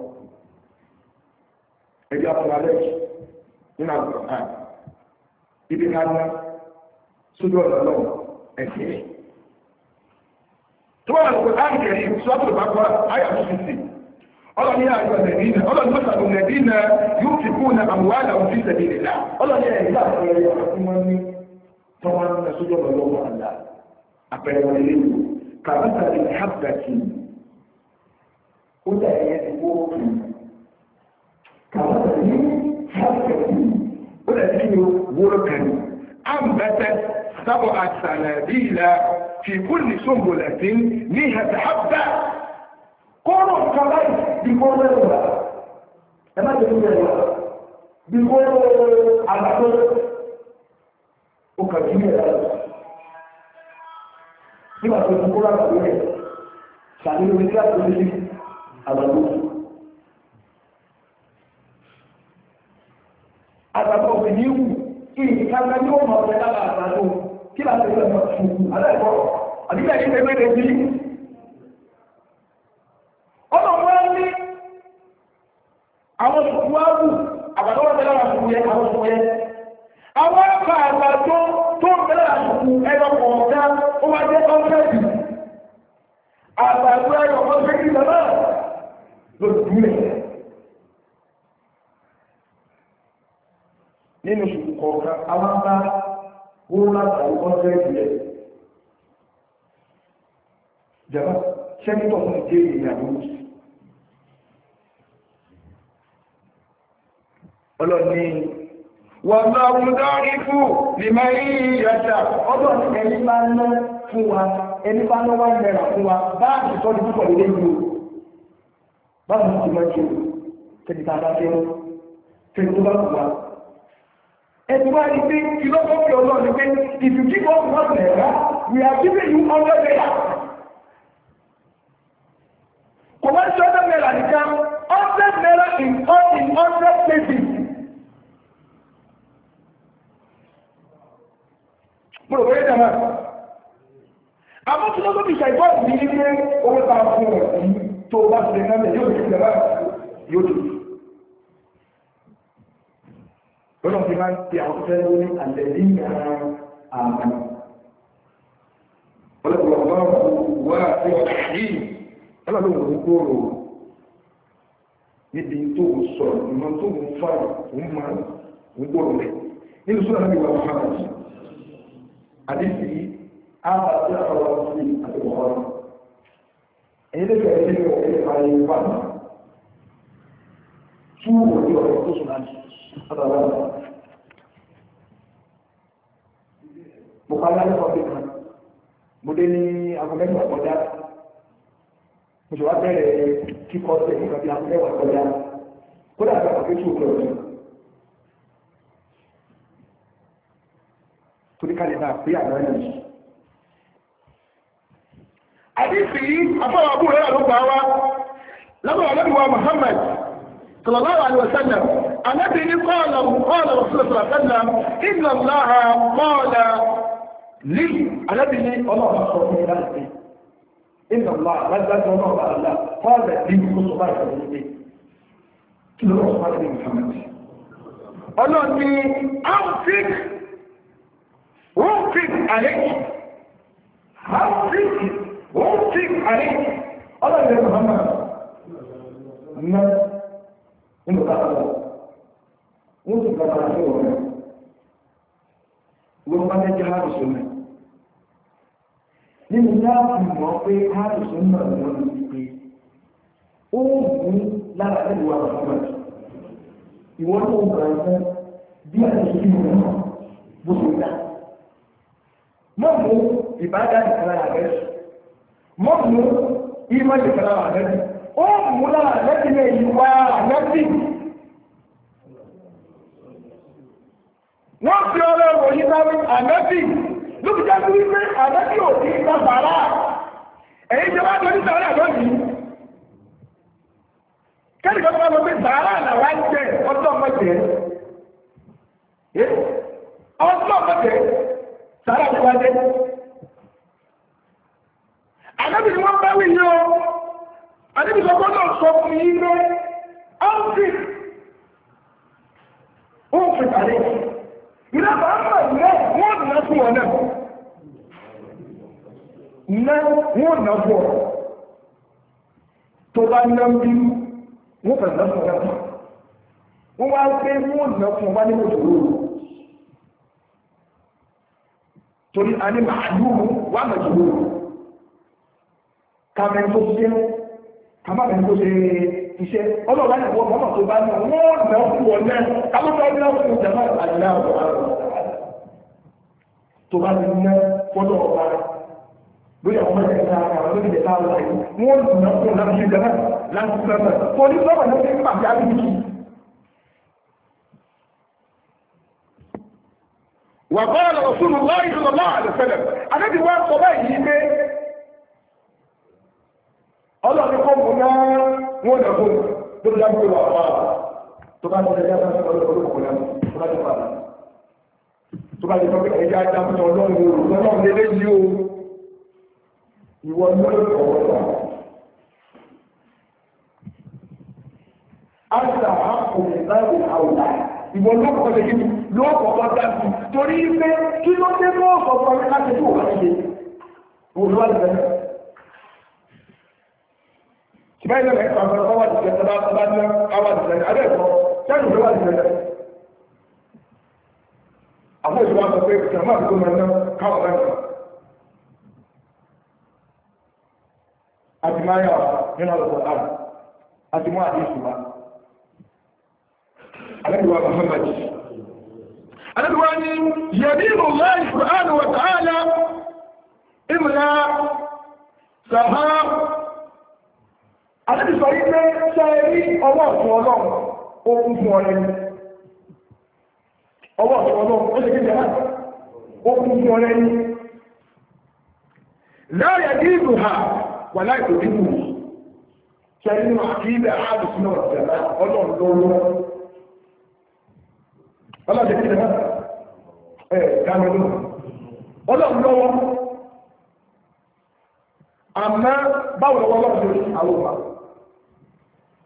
Speaker 1: ẹjọ́ ọmọ alẹ́jì nínú àgbà náà ibi ká lọ sójú ọ̀nà náà ẹ̀sìn rẹ̀. tó wà lọ́wọ́ láti kẹ̀rin sọ́tò bá kọ́ àyà tó ti sè ọlọ́ni àgbà nàìjíríà ọlọ́ni mọ́sàdùn nàìjíríà yóò fi kú na àwọn àgbà òfin sẹ̀bi nìlá ọlọ́ni ẹ̀yìn láti ọ̀rẹ́ àti wọn ní tọ́wọ́n ní sójú ọ̀nà kamata ni haskaki wadanda burukan ambata sab'a sanabila fi kulli sunbulatin mi'ata habba koro kalai bi koro ba amma da kuma ba bi koro alato o ka ji da ni ba ko kura ba ne sani ne ya ko ni alato àgbàdo òfin ní wù kí ìkàgbà yóò mọ̀ ọ̀fẹ́ lára àgbàdo kí láti ṣe ọmọ ṣùkú alẹ́kọ̀ọ́ àdígbà yìí fẹ́ mẹ́rẹ̀ sí. ọ̀nà wọn ní àwọn ṣùkú á wù àgbàdo wọn fẹ́ lára ṣùkú yẹ àwọn ṣùkú yẹ. àwọn ẹ̀kọ́ àgbàdo tó ń fẹ́ lára ṣùkú ẹ̀rọ kọ̀ọ̀ká ó wá jẹ́ ọ́fẹ́ẹ̀dì àgbàdo ẹ̀rọ kọ̀ọ̀ká nínú kọ̀ọ̀kan alábá wúrúlá tàbí ọjọ́ ìbílẹ̀. Jẹ̀mọ́, sẹ́ńtọ̀ fún ìdí ìrìn àbò. Ọlọ́ni wọ́n lọ mú dọ́rí fún lèmọ́ ìyàtà ọdọ́ ẹni bá ń lọ fún wa ẹni bá lọ wá mẹ́ra fún wa báàkì tọ́jú púpọ̀ lé o báàkì tí wọ́n ti mọ́ jù tẹ́lifà bá fẹ́ tẹ́lifà bá wà ẹ̀tùwá ni pé ìlọ́pọ̀ fi ọlọ́ ni pé if you give us one naira we are giving you hundred naira kò wá sí hundred naira nìkan hundred naira in all in hundred places. mo rò pé ẹ dàgbà àmọ́ tí lọ́dún ìṣà ìbọ̀dù ní ilé owó tá a fún ẹ̀ tó bá ṣe náà yóò ti dàgbà yóò ti lọ́nà tí máa ń ti àwọn tó fẹ́ lórí àtẹ̀lé àmà ọlọ́pọ̀lọpọ̀ wà sí ọ̀rọ̀ yìí ọlọ́lọ́wọ̀ ń kóòrò níbi tó ń sọ ìmọ̀ tó ń fà ń máa ń kóòrò rẹ̀ nínú sọ́nà níbi tú òní ọ̀rọ̀ tó sùn láti ọ̀dọ̀dọ̀ mo pa lálẹ́ ọ̀dẹ̀ kan mo dé ní agbẹ́gbẹ́ ọ̀kọ́já mo sì wá bẹ̀rẹ̀ kíkọ́ sí ẹ̀kọ́ bí agbẹ́gbẹ́ ọ̀kọ́já kódà bí ọ̀kọ́ tó kọ̀ ọ̀dọ̀ torí ká lè bá pé àgbà náà yìí. àdìsí afọ́wọ́ abúlé àlùkò àwa lábọ̀ صلى الله عليه وسلم الذي قال قال رسول الله صلى الله عليه وسلم إن الله قال لي الذي الله صلى الله عليه وسلم إن الله لا يزال الله على قال لي صلى الله عليه وسلم كل رسول الله محمد الله ني أنفق وانفق عليك أنفق وانفق عليك الله يا محمد nínú kàkà wọn sì kàkà sí ọ̀rẹ́ ló máa ń jẹ́ àrùsùn rẹ̀ nínú láàbù mọ́ pé àrùsùn náà ló ń pè ó wù ú lára ẹ̀rù wa bàbá ìwọ́n tó ń bàrẹ̀ fún bí àtúnṣe ìwọ̀n náà bó ṣe dá mọ́mú ìbádá ìkàrà rẹ̀ mọ́mú ìmọ̀ ìkàrà rẹ̀ ó mú náà lẹ́tí lè wọ́n fi ọ̀rọ̀ ìròyìn sáré àmẹ́tì lókùjá sí wípé àmẹ́tì ò sí ìta sàárà jẹ́ wá lórí sàárà lónìí kẹ́rìkọ́ tó bá lọ pé sàárà làwá ń jẹ ọjọ́ ọjọ́ tó wá jẹ́ àmẹ́tì ni wọ́n bá wí àdébìsọ́gbọ́n náà sọ fún yí pé outfit ó ń fi tàlẹ́ ìlà bá ń bà ní wọ́n nà fún ọ náà ná wọ́n nà fún ọ tó bá ná bí wọ́n fẹ̀ nà fún ọ náà wọ́n wá pé wọ́n nà fún ọ bá ní kòtò lóru torí a ní màálù wà màjúwò kàmẹ́ntó sí ẹ̀wọ̀n kàmáàbẹ̀ tó ṣe iṣẹ́ ọlọ́ọ̀bá ní ìwọ̀n mọ́mọ́ tó bá ní wọ́n mẹ́ ọkú wọn náà kámọ́tọ́ ní ọkú jàmá àjìlá ọ̀rọ̀ tó bá ti ní fọ́dọ̀ ọba lórí àwọn mẹ́rin ní ara àwọn lórí ìdẹ́ta ọ̀la yìí wọ́n lù náà fún láti ṣe jàmá láti sẹ́mẹ̀ kò ní sọ́mọ̀ ní pípa àti àbíkì. wà bọ́ọ̀lù ọ̀ṣun lọ́ọ̀rì lọ́ọ̀ ọlọ́run kọ́ mú náà wọ́n lọ fún tó bí lágbó wà wà tó bá tẹ̀lé ẹ̀dá fún ọlọ́run kọ́ náà tó bá tẹ̀lé wà tó bá tẹ̀lé ẹ̀dá ẹ̀dá fún ọlọ́run ọlọ́run lélẹ́ yìí o ìwọ ní ọwọ́ wà. Àṣà àkùnrin láti àwùjá ìwọ lọ́kọ̀ọ́ lè kí lọ́kọ̀ọ́ bá dájú torí pé kí ló dé mọ́ ọ̀pọ̀ ọ̀pọ̀ láti tó wà nílé. Òun ló wà nílẹ̀. ṣùgbọ́n ilé ẹ̀kọ́ àwọn ọmọ wa ti tẹ̀lé bá ní àwọn àtìlẹyìn adé ẹ̀kọ́ sẹ́yìn tó wà ní ẹ̀lẹ́. àwọn òṣèlú wa sọ pé ìjọba àdúgbò máa ń ná káwọn náà kà. àti máa yà wá nínú ọ̀rọ̀ àrùn àti mú àdé ìṣùwà. alẹ́dùwà Muhammad. alẹ́dùwà ni yẹ̀dí ìrùlá ìṣùwà àdùwà tààlà ìmùlá sàhán àlejò sọ yìí pé sọ rí ọwọ́ ọ̀tún ọlọ́run ó kún fún ọrẹ ọwọ́ ọ̀tún ọlọ́run ó ṣe kí jẹ́ ó kún fún ọrẹ ìlú ha wà láì tó náà ọlọ́run ọlọ́run ẹ̀ dáná lọ́wọ́ ọlọ́run àmọ́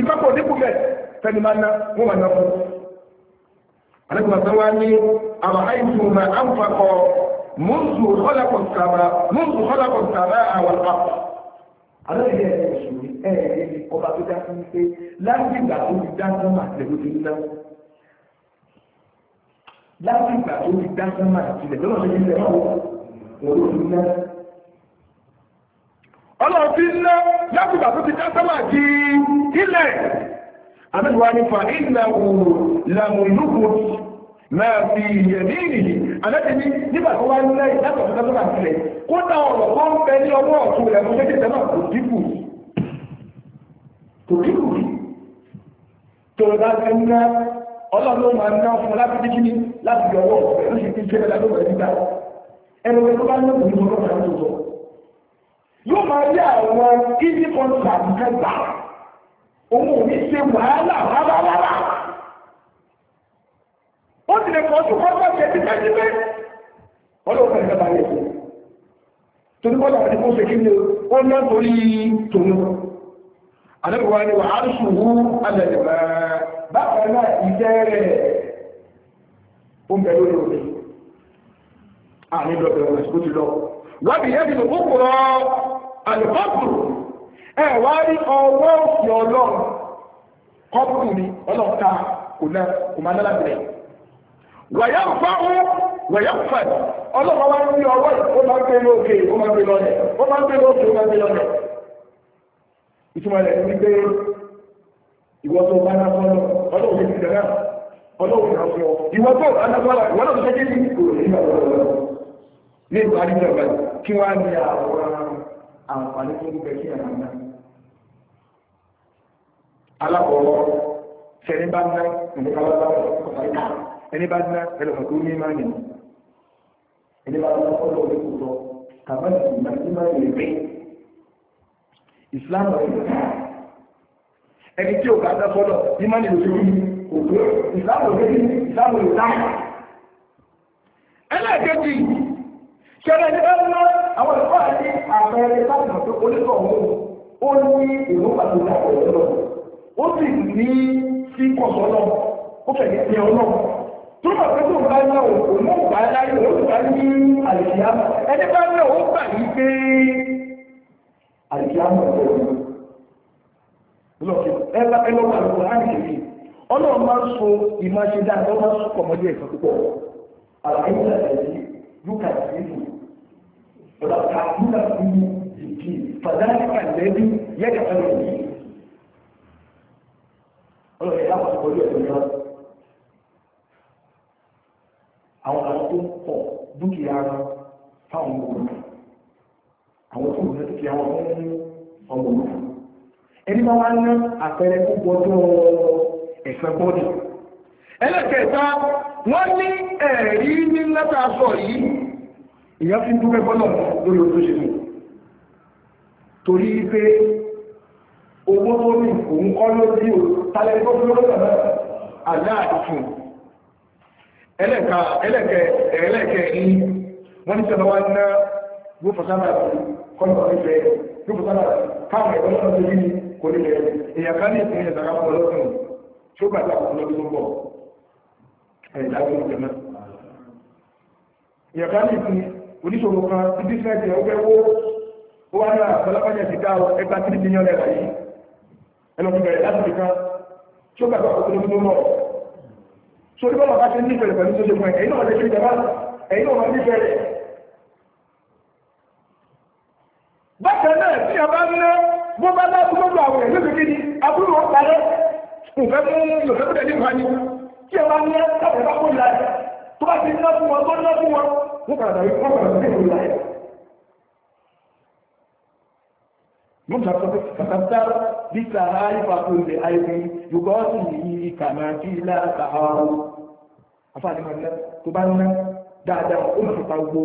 Speaker 1: ìfẹ́pọ̀ dínkù bẹ̀ fẹ́ni máa ná wọ́n máa ná fún. alẹ́kùnrin sọ wá ní àwọn àìsù ma ń fakọ mọ́nsù ọlọ́pọ̀ sàmà mọ́nsù ọlọ́pọ̀ sàmà àwọn àpò. alẹ́kùnrin ẹ̀ ṣùgbọ́n ẹ̀ ẹ̀ ọba tó dá fún pé láti ìgbà tó ti dá sọ́mà lẹ́gbẹ́ tó dá láti ìgbà tó ti dá sọ́mà lẹ́gbẹ́ tó ti dá ọlọ́run ti ná lákùgbà tó ti já sọ́mà di ilẹ̀ àmẹ́wàá nípa ilẹ̀ òun làmùlùkù máa fi yẹ̀mí ìrìnlẹ̀ àmẹ́tẹ̀mí nígbà tó wá nílẹ̀ ìdájọ́ tó tẹ́tọ́ láti rẹ̀ kó dá ọ̀rọ̀ tó ń bẹ ní ọwọ́ ọ̀tún rẹ̀ fún kékeré náà kò dínkù kò dínkù tó bá fẹ́ ná ọlọ́run máa ná fún láti dínkù ní láti yọwọ́ lóṣù tí ń ṣe ẹ̀dá tó bẹ̀rẹ̀ nígbà ẹnu tó bá ń lọ́kùnrin tó lọ́kùnrin tó yóò máa rí àwọn easy contract kẹta òun ò ní ṣe wàhálà rárá ó sì lè kọ́ tún kọ́kọ́ kẹ́tí kẹ́tí pé wọ́n lè fẹ́ ìjọba yẹn torí kọ́lá àti kó ṣe kí ni ó ná torí tòun àdébùwá ni wàhálà ṣùgbú alẹ́dẹ̀bẹ̀ bákan náà ìjẹ́ rẹ̀ ó ń bẹ lórí òní àmì ìdọ̀bẹ̀ ọ̀rọ̀ wọ́n bìí yẹ́ bí lòkókò rọ̀ àlùkọ́pù ẹ̀ wá rí ọwọ́ òsì ọlọ́run kọ́pù ni ọlọ́ta kò náà kò máa náà bẹ̀rẹ̀ wàyà ń fa ó ń ọlọ́run wá rí ọwọ́ ó máa ń gbé lókè ó máa ń gbé lọ́lẹ̀ ó máa ń gbé lókè ó máa ń gbé lọ́lẹ̀ ìtumọ̀ rẹ̀ ní pé àǹfààní tó ń bẹ kí ẹ̀rọ náà. alákọ̀ọ́ sẹ́ni bá ná ẹni bá bá ọ̀sán ẹni bá ná ẹlòmọ̀ tó ní máa nìyẹn ẹni bá bá ọ̀sán lọ́wọ́ ní kò sọ tàbá ní ìgbà tí máa yẹ pé ìsìlámù ọ̀sán ẹni tí ò bá dá fọ́lọ̀ ní máa nìyẹn tó ní kò tó ìsìlámù ọ̀sán ìsìlámù ọ̀sán ẹlẹ́ẹ̀kejì kẹrẹ àwọn ẹ̀kọ́ rẹ̀ ní àpẹẹrẹ láti mọ̀ pé oníkọ̀ òun ó ní èrò pàtó ní àpẹẹrẹ lọ ó sì ní sí kọ̀ọ̀kọ̀ lọ ó fẹ̀yẹ̀ tẹ ọ náà tó bá pẹ́ tó bá náà òun ó bá láyé òun bá ní àlìkíá ẹni bá náà ó gbà yí pé àlìkíá mọ̀ ọ́ lọ́kì ẹ bá ẹ lọ́wọ́ àlùkò láti kìí ọlọ́run máa ń so ìmáṣe dáadáa ó máa ń sọ̀kọ̀ mọ́lẹ́ ẹ̀kan púpọ̀ àlàyé ìlànà yìí lúkà sí ìlú رفعتنا في الدين فذلك الذي يدعو الدين ọlọ́run ẹ̀dá kan pẹ̀lú ẹ̀dùn náà àwọn àwọn tó ń pọ̀ dúkìá wọn fáwọn ọmọ òun àwọn tó ń lọ dúkìá wọn fún ọmọ òun ẹni máa wá ná àpẹẹrẹ púpọ̀ tó ẹ̀fẹ́ bọ́ọ̀dì ẹlẹ́kẹ̀ẹ́ta wọ́n ní ẹ̀rí ní lẹ́tà sọ yìí ìyá fi ń dúpẹ́ bọ́lọ̀ lórí o tó ṣe mú torí pé owó tó ní òun kọ́ ló sí o tálẹ́ tó fi lọ́wọ́ náà àdá àtìfún ẹlẹ́ka ẹlẹ́kẹ ẹlẹ́kẹ ní wọ́n ní sọ́nà wá ná yóò fọ́sánà kọ́lọ̀ ìfẹ́ yóò fọ́sánà káwọn ẹ̀kọ́ lọ́nà tó yí kò ní bẹ̀rẹ̀ èèyàn ká ní ìpínlẹ̀ ìdàgbà fún ọlọ́sùn tí ó gbàgbà fún ọlọ́sùn tó ń bọ̀ ẹ̀dá tó ń ní ìpínlẹ̀ oníṣòro kan ti bísíǹsì ẹ̀ ó fẹ́ wó ó wá náà bọ́lápájà ti dá ẹgbà tí ìdíyàn rẹ̀ láyé ẹlọ́dún bẹ̀rẹ̀ láti fi kan tí ó gbàgbọ́ òkúrò tó mọ̀ so ní bọ́lá bá ṣe nífẹ̀ẹ́ pẹ̀lú tó ṣe fún ẹ̀yìn náà lè ṣe ìjọba ẹ̀yìn náà nífẹ̀ẹ́ rẹ̀ bákan náà tí a bá ń ná bó bá dá tó gbogbo àwọn ẹ̀lú kékeré abúrú wọn parẹ́ nǹkan mú yòókè tó dẹ̀ ní ìfani tí a bá ń ná láti bá kó ìlà tó bá ti ná fún wọn tó ná fún wọn wọ́n padà dàbí wọ́n padà sí ìlú láyé. Mo sọ pé kàtàkà bí sàrà ìfàkó ilé àìsí yóò sì yí kàmá sí ilé àkàrà. Afáàdé máa ná tó bá ná dáadáa ó máa fa gbogbo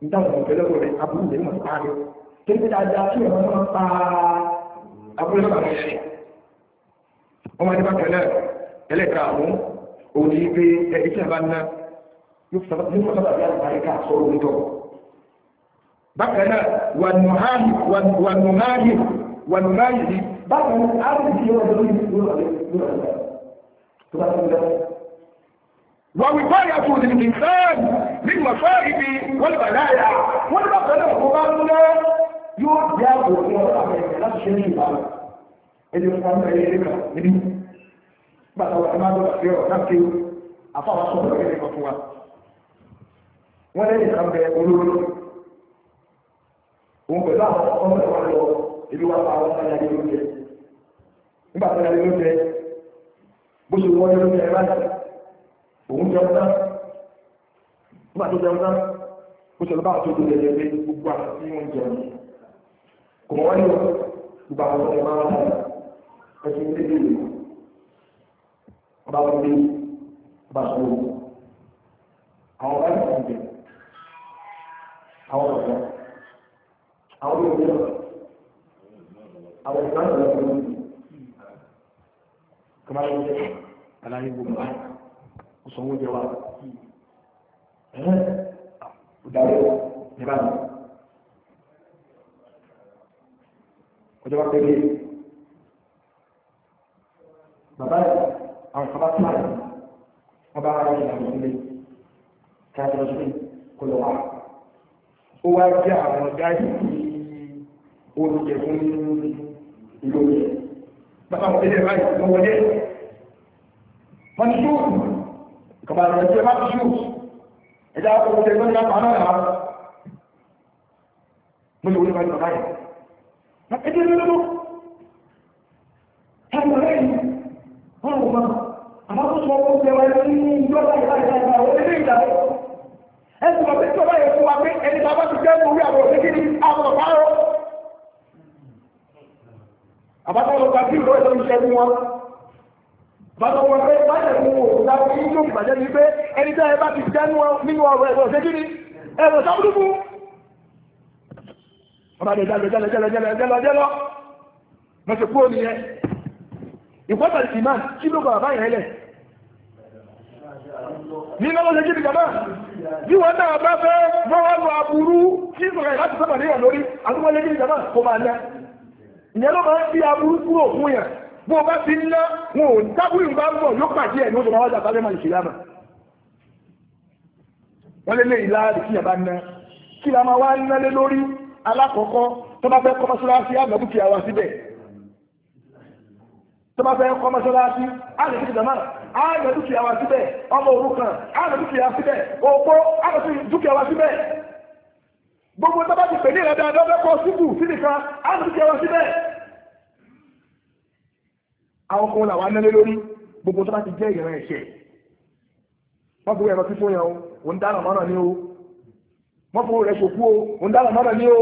Speaker 1: nítawọn ọmọ ìfẹ́lẹ́ rẹ̀ abúlé rẹ̀ máa pa rẹ̀. Kéde dáadáa tí ìwọ̀n máa ẹlẹ́ka àwọn òní pé ẹ̀ẹ́dẹ́gbẹ̀rún náà yóò sábà bí àlùbáríkà sọ̀rọ̀ nítọ̀. bákan náà wà nùmáàyì wà nùmáàyì wà nùmáàyì yìí bákan náà á sì fi ọ̀rọ̀ lórí ìlú ọ̀rẹ́ tó bá tó ń lọ. wà wí bá yà fún ìdìbò ní mọ̀fá ibi wọ́n lè bà láyà wọ́n lè di àbò ní ọ̀rọ̀ àbẹ̀rẹ̀ láti ṣe ní ìbámu. ẹni wọn ń bẹ̀rẹ̀ ẹ̀rẹ́ kan níbi bàtà wà ní má wọ́n lẹ́yìn kan bẹ olórí òun pẹ̀lú àwọn ọmọ ẹ̀wọ̀n lọ ìlú wa pa àwọn ọmọ ìyàgbé lóúnjẹ nígbà tó yàgbé lóúnjẹ bó ṣe wọ́n lóúnjẹ ẹ̀ láti òun jẹun tán nígbà tó jẹun tán bó ṣe lọ bá àtúntò lẹ́yìn ẹgbẹ́ gbogbo àwọn tí wọ́n jẹun kò mọ̀ wáyé wọn gbogbo àwọn ọmọ ẹ̀wọ̀n lọ ẹ̀sìn ilé ìlú ọba wọn lé ọba àwọn ọba ìfọ̀njẹ̀ àwọn ọjọ́ wa pé bàbá àwọn kaba tó máa yẹ wọ́n bá wà lọ́wọ́ kí a tẹ̀lé sí kó lọ́wọ́ ó wá jẹ́ àwọn gáàsì tí oúnjẹ fún ìlú rẹ̀. Bàbá wọn tẹ́lẹ̀ báyìí wọ́n wọlé. Wọ́n ti ṣúù, ìkọ̀bà rẹ̀ jẹ́ bá ti ṣúù, ẹ̀dá ọkọ̀ tẹ́lẹ̀ lọ́nà àwọn náà náà. Mo lè wọlé báyìí bàbá yẹn. Wọ́n ti ṣe lọ́wọ́. Ẹ̀rọ rẹ̀ yìí, wọ́n rò mọ́. Àmọ́ tó sọ ọkọ̀ tẹ́lẹ̀
Speaker 2: ẹni tó bẹ tó bá yẹ fún wa pé ẹni tó bá ti jẹ́ orí àwọn òṣèké ní
Speaker 1: àwọn ọ̀pá rọ. àbátá wọn bí ìrọ̀lẹ́ ń ṣẹ́ni wọn. bàtà wọn pé báyẹ̀ fún òun láti ní yóò bàjẹ́ ni pé ẹni tó bá ti jẹ́ nínú ọ̀rọ̀ ẹ̀rọ òṣèké ní ẹ̀rọ sábúdúkú. ọba lè jalè jalè jalè jalè jalè jalè mọ̀tẹ̀ kúrò nìyẹn. ìpọ́tà ìmáà kí ló bàbá yẹn lẹ̀. nínú ọlọ́sẹ̀ bí wọ́n náà bá fẹ́ mọ́wọ́ lọ aburú tí ìsọ̀rọ̀ ìlàtí sọ́mọ̀ níyàn lórí àtúmọ̀lé ní ìjọba kò máa ná ìyẹn ló máa ń fi aburú kúrò fún yàn bó bá ti ná wọn ò dábúrú bá ń bọ̀ yóò pàdé ẹ̀ ní oṣù máa jáfẹ́ máa ìṣẹ̀lá mà wọ́n lé lé ìlà rẹ̀ kí yàrá ná kí la máa wá ná lé lórí alákọ̀ọ́kọ́ tó bá fẹ́ kọ́ mọ́ṣáláṣí àgbà dúkìá wa síbẹ̀ tó bá fẹ́ kọ́ mọ́ṣáláṣí àgbà dúkìá àgbẹ̀ dúkìá wa síbẹ̀ ọmọ òrukàn àgbẹ̀ dúkìá síbẹ̀ òpó àgbẹ̀ dúkìá wa síbẹ̀ gbogbo tó bá ti pè ní síbìkan àgbẹ̀ wa síbẹ̀ àwọn kan làwọn anẹ́lẹ́ lórí gbogbo tó bá ti jẹ́ ẹ̀ṣẹ̀ wọ́n ẹ̀rọ fífún yẹn o mọ́nà ní o wọ́n fowó rẹ̀ ṣòkú o ò ń mọ́nà ní o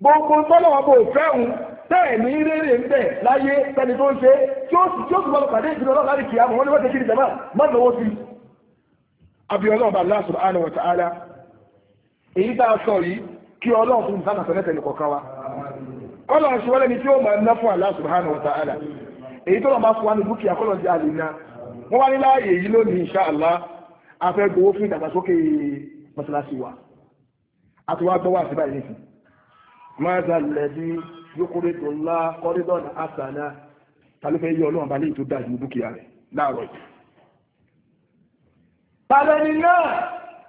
Speaker 1: gbogbo tọ́lọ̀ wọn bò fẹ́ tí ó sì tí ó sì na pàdé ìjìnà ọlọ́run láti kìí àwọn oníwọ́n tẹ́kìrì jama má lọ́wọ́ sí abiyọ́lọ́ ọba Allah subhanahu wa ta'ala èyí tá a sọ yìí kí ọlọ́run fún ìsáàkà sọ lẹ́tẹ̀lẹ̀ kọ̀ọ̀kan wa kọ́lọ̀ ṣe ni tí ó máa ná fún Allah subhanahu wa ta'ala èyí tó máa fún wa dúkìá kọ́lọ̀ ta ló fẹ́ yọ ọlọ́run balẹ̀ tó dájú dúkìá rẹ̀ láàárọ̀ yìí. balẹ̀ni náà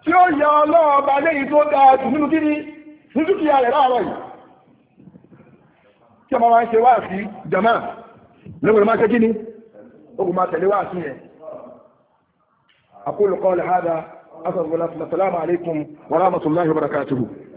Speaker 1: tí ó yọ ọlọ́run balẹ̀ tó dájú nínú kí ni ní dúkìá rẹ̀ láàárọ̀ yìí. tí ọmọ wa ń ṣe wá sí jama lóògùn máa ṣe kí ni ogun máa tẹ̀lé wá sí yẹn. aqulu qawli hadha asàlùmọ́lá sàlámù alaykum wa rahmatullahi wa barakatuhu.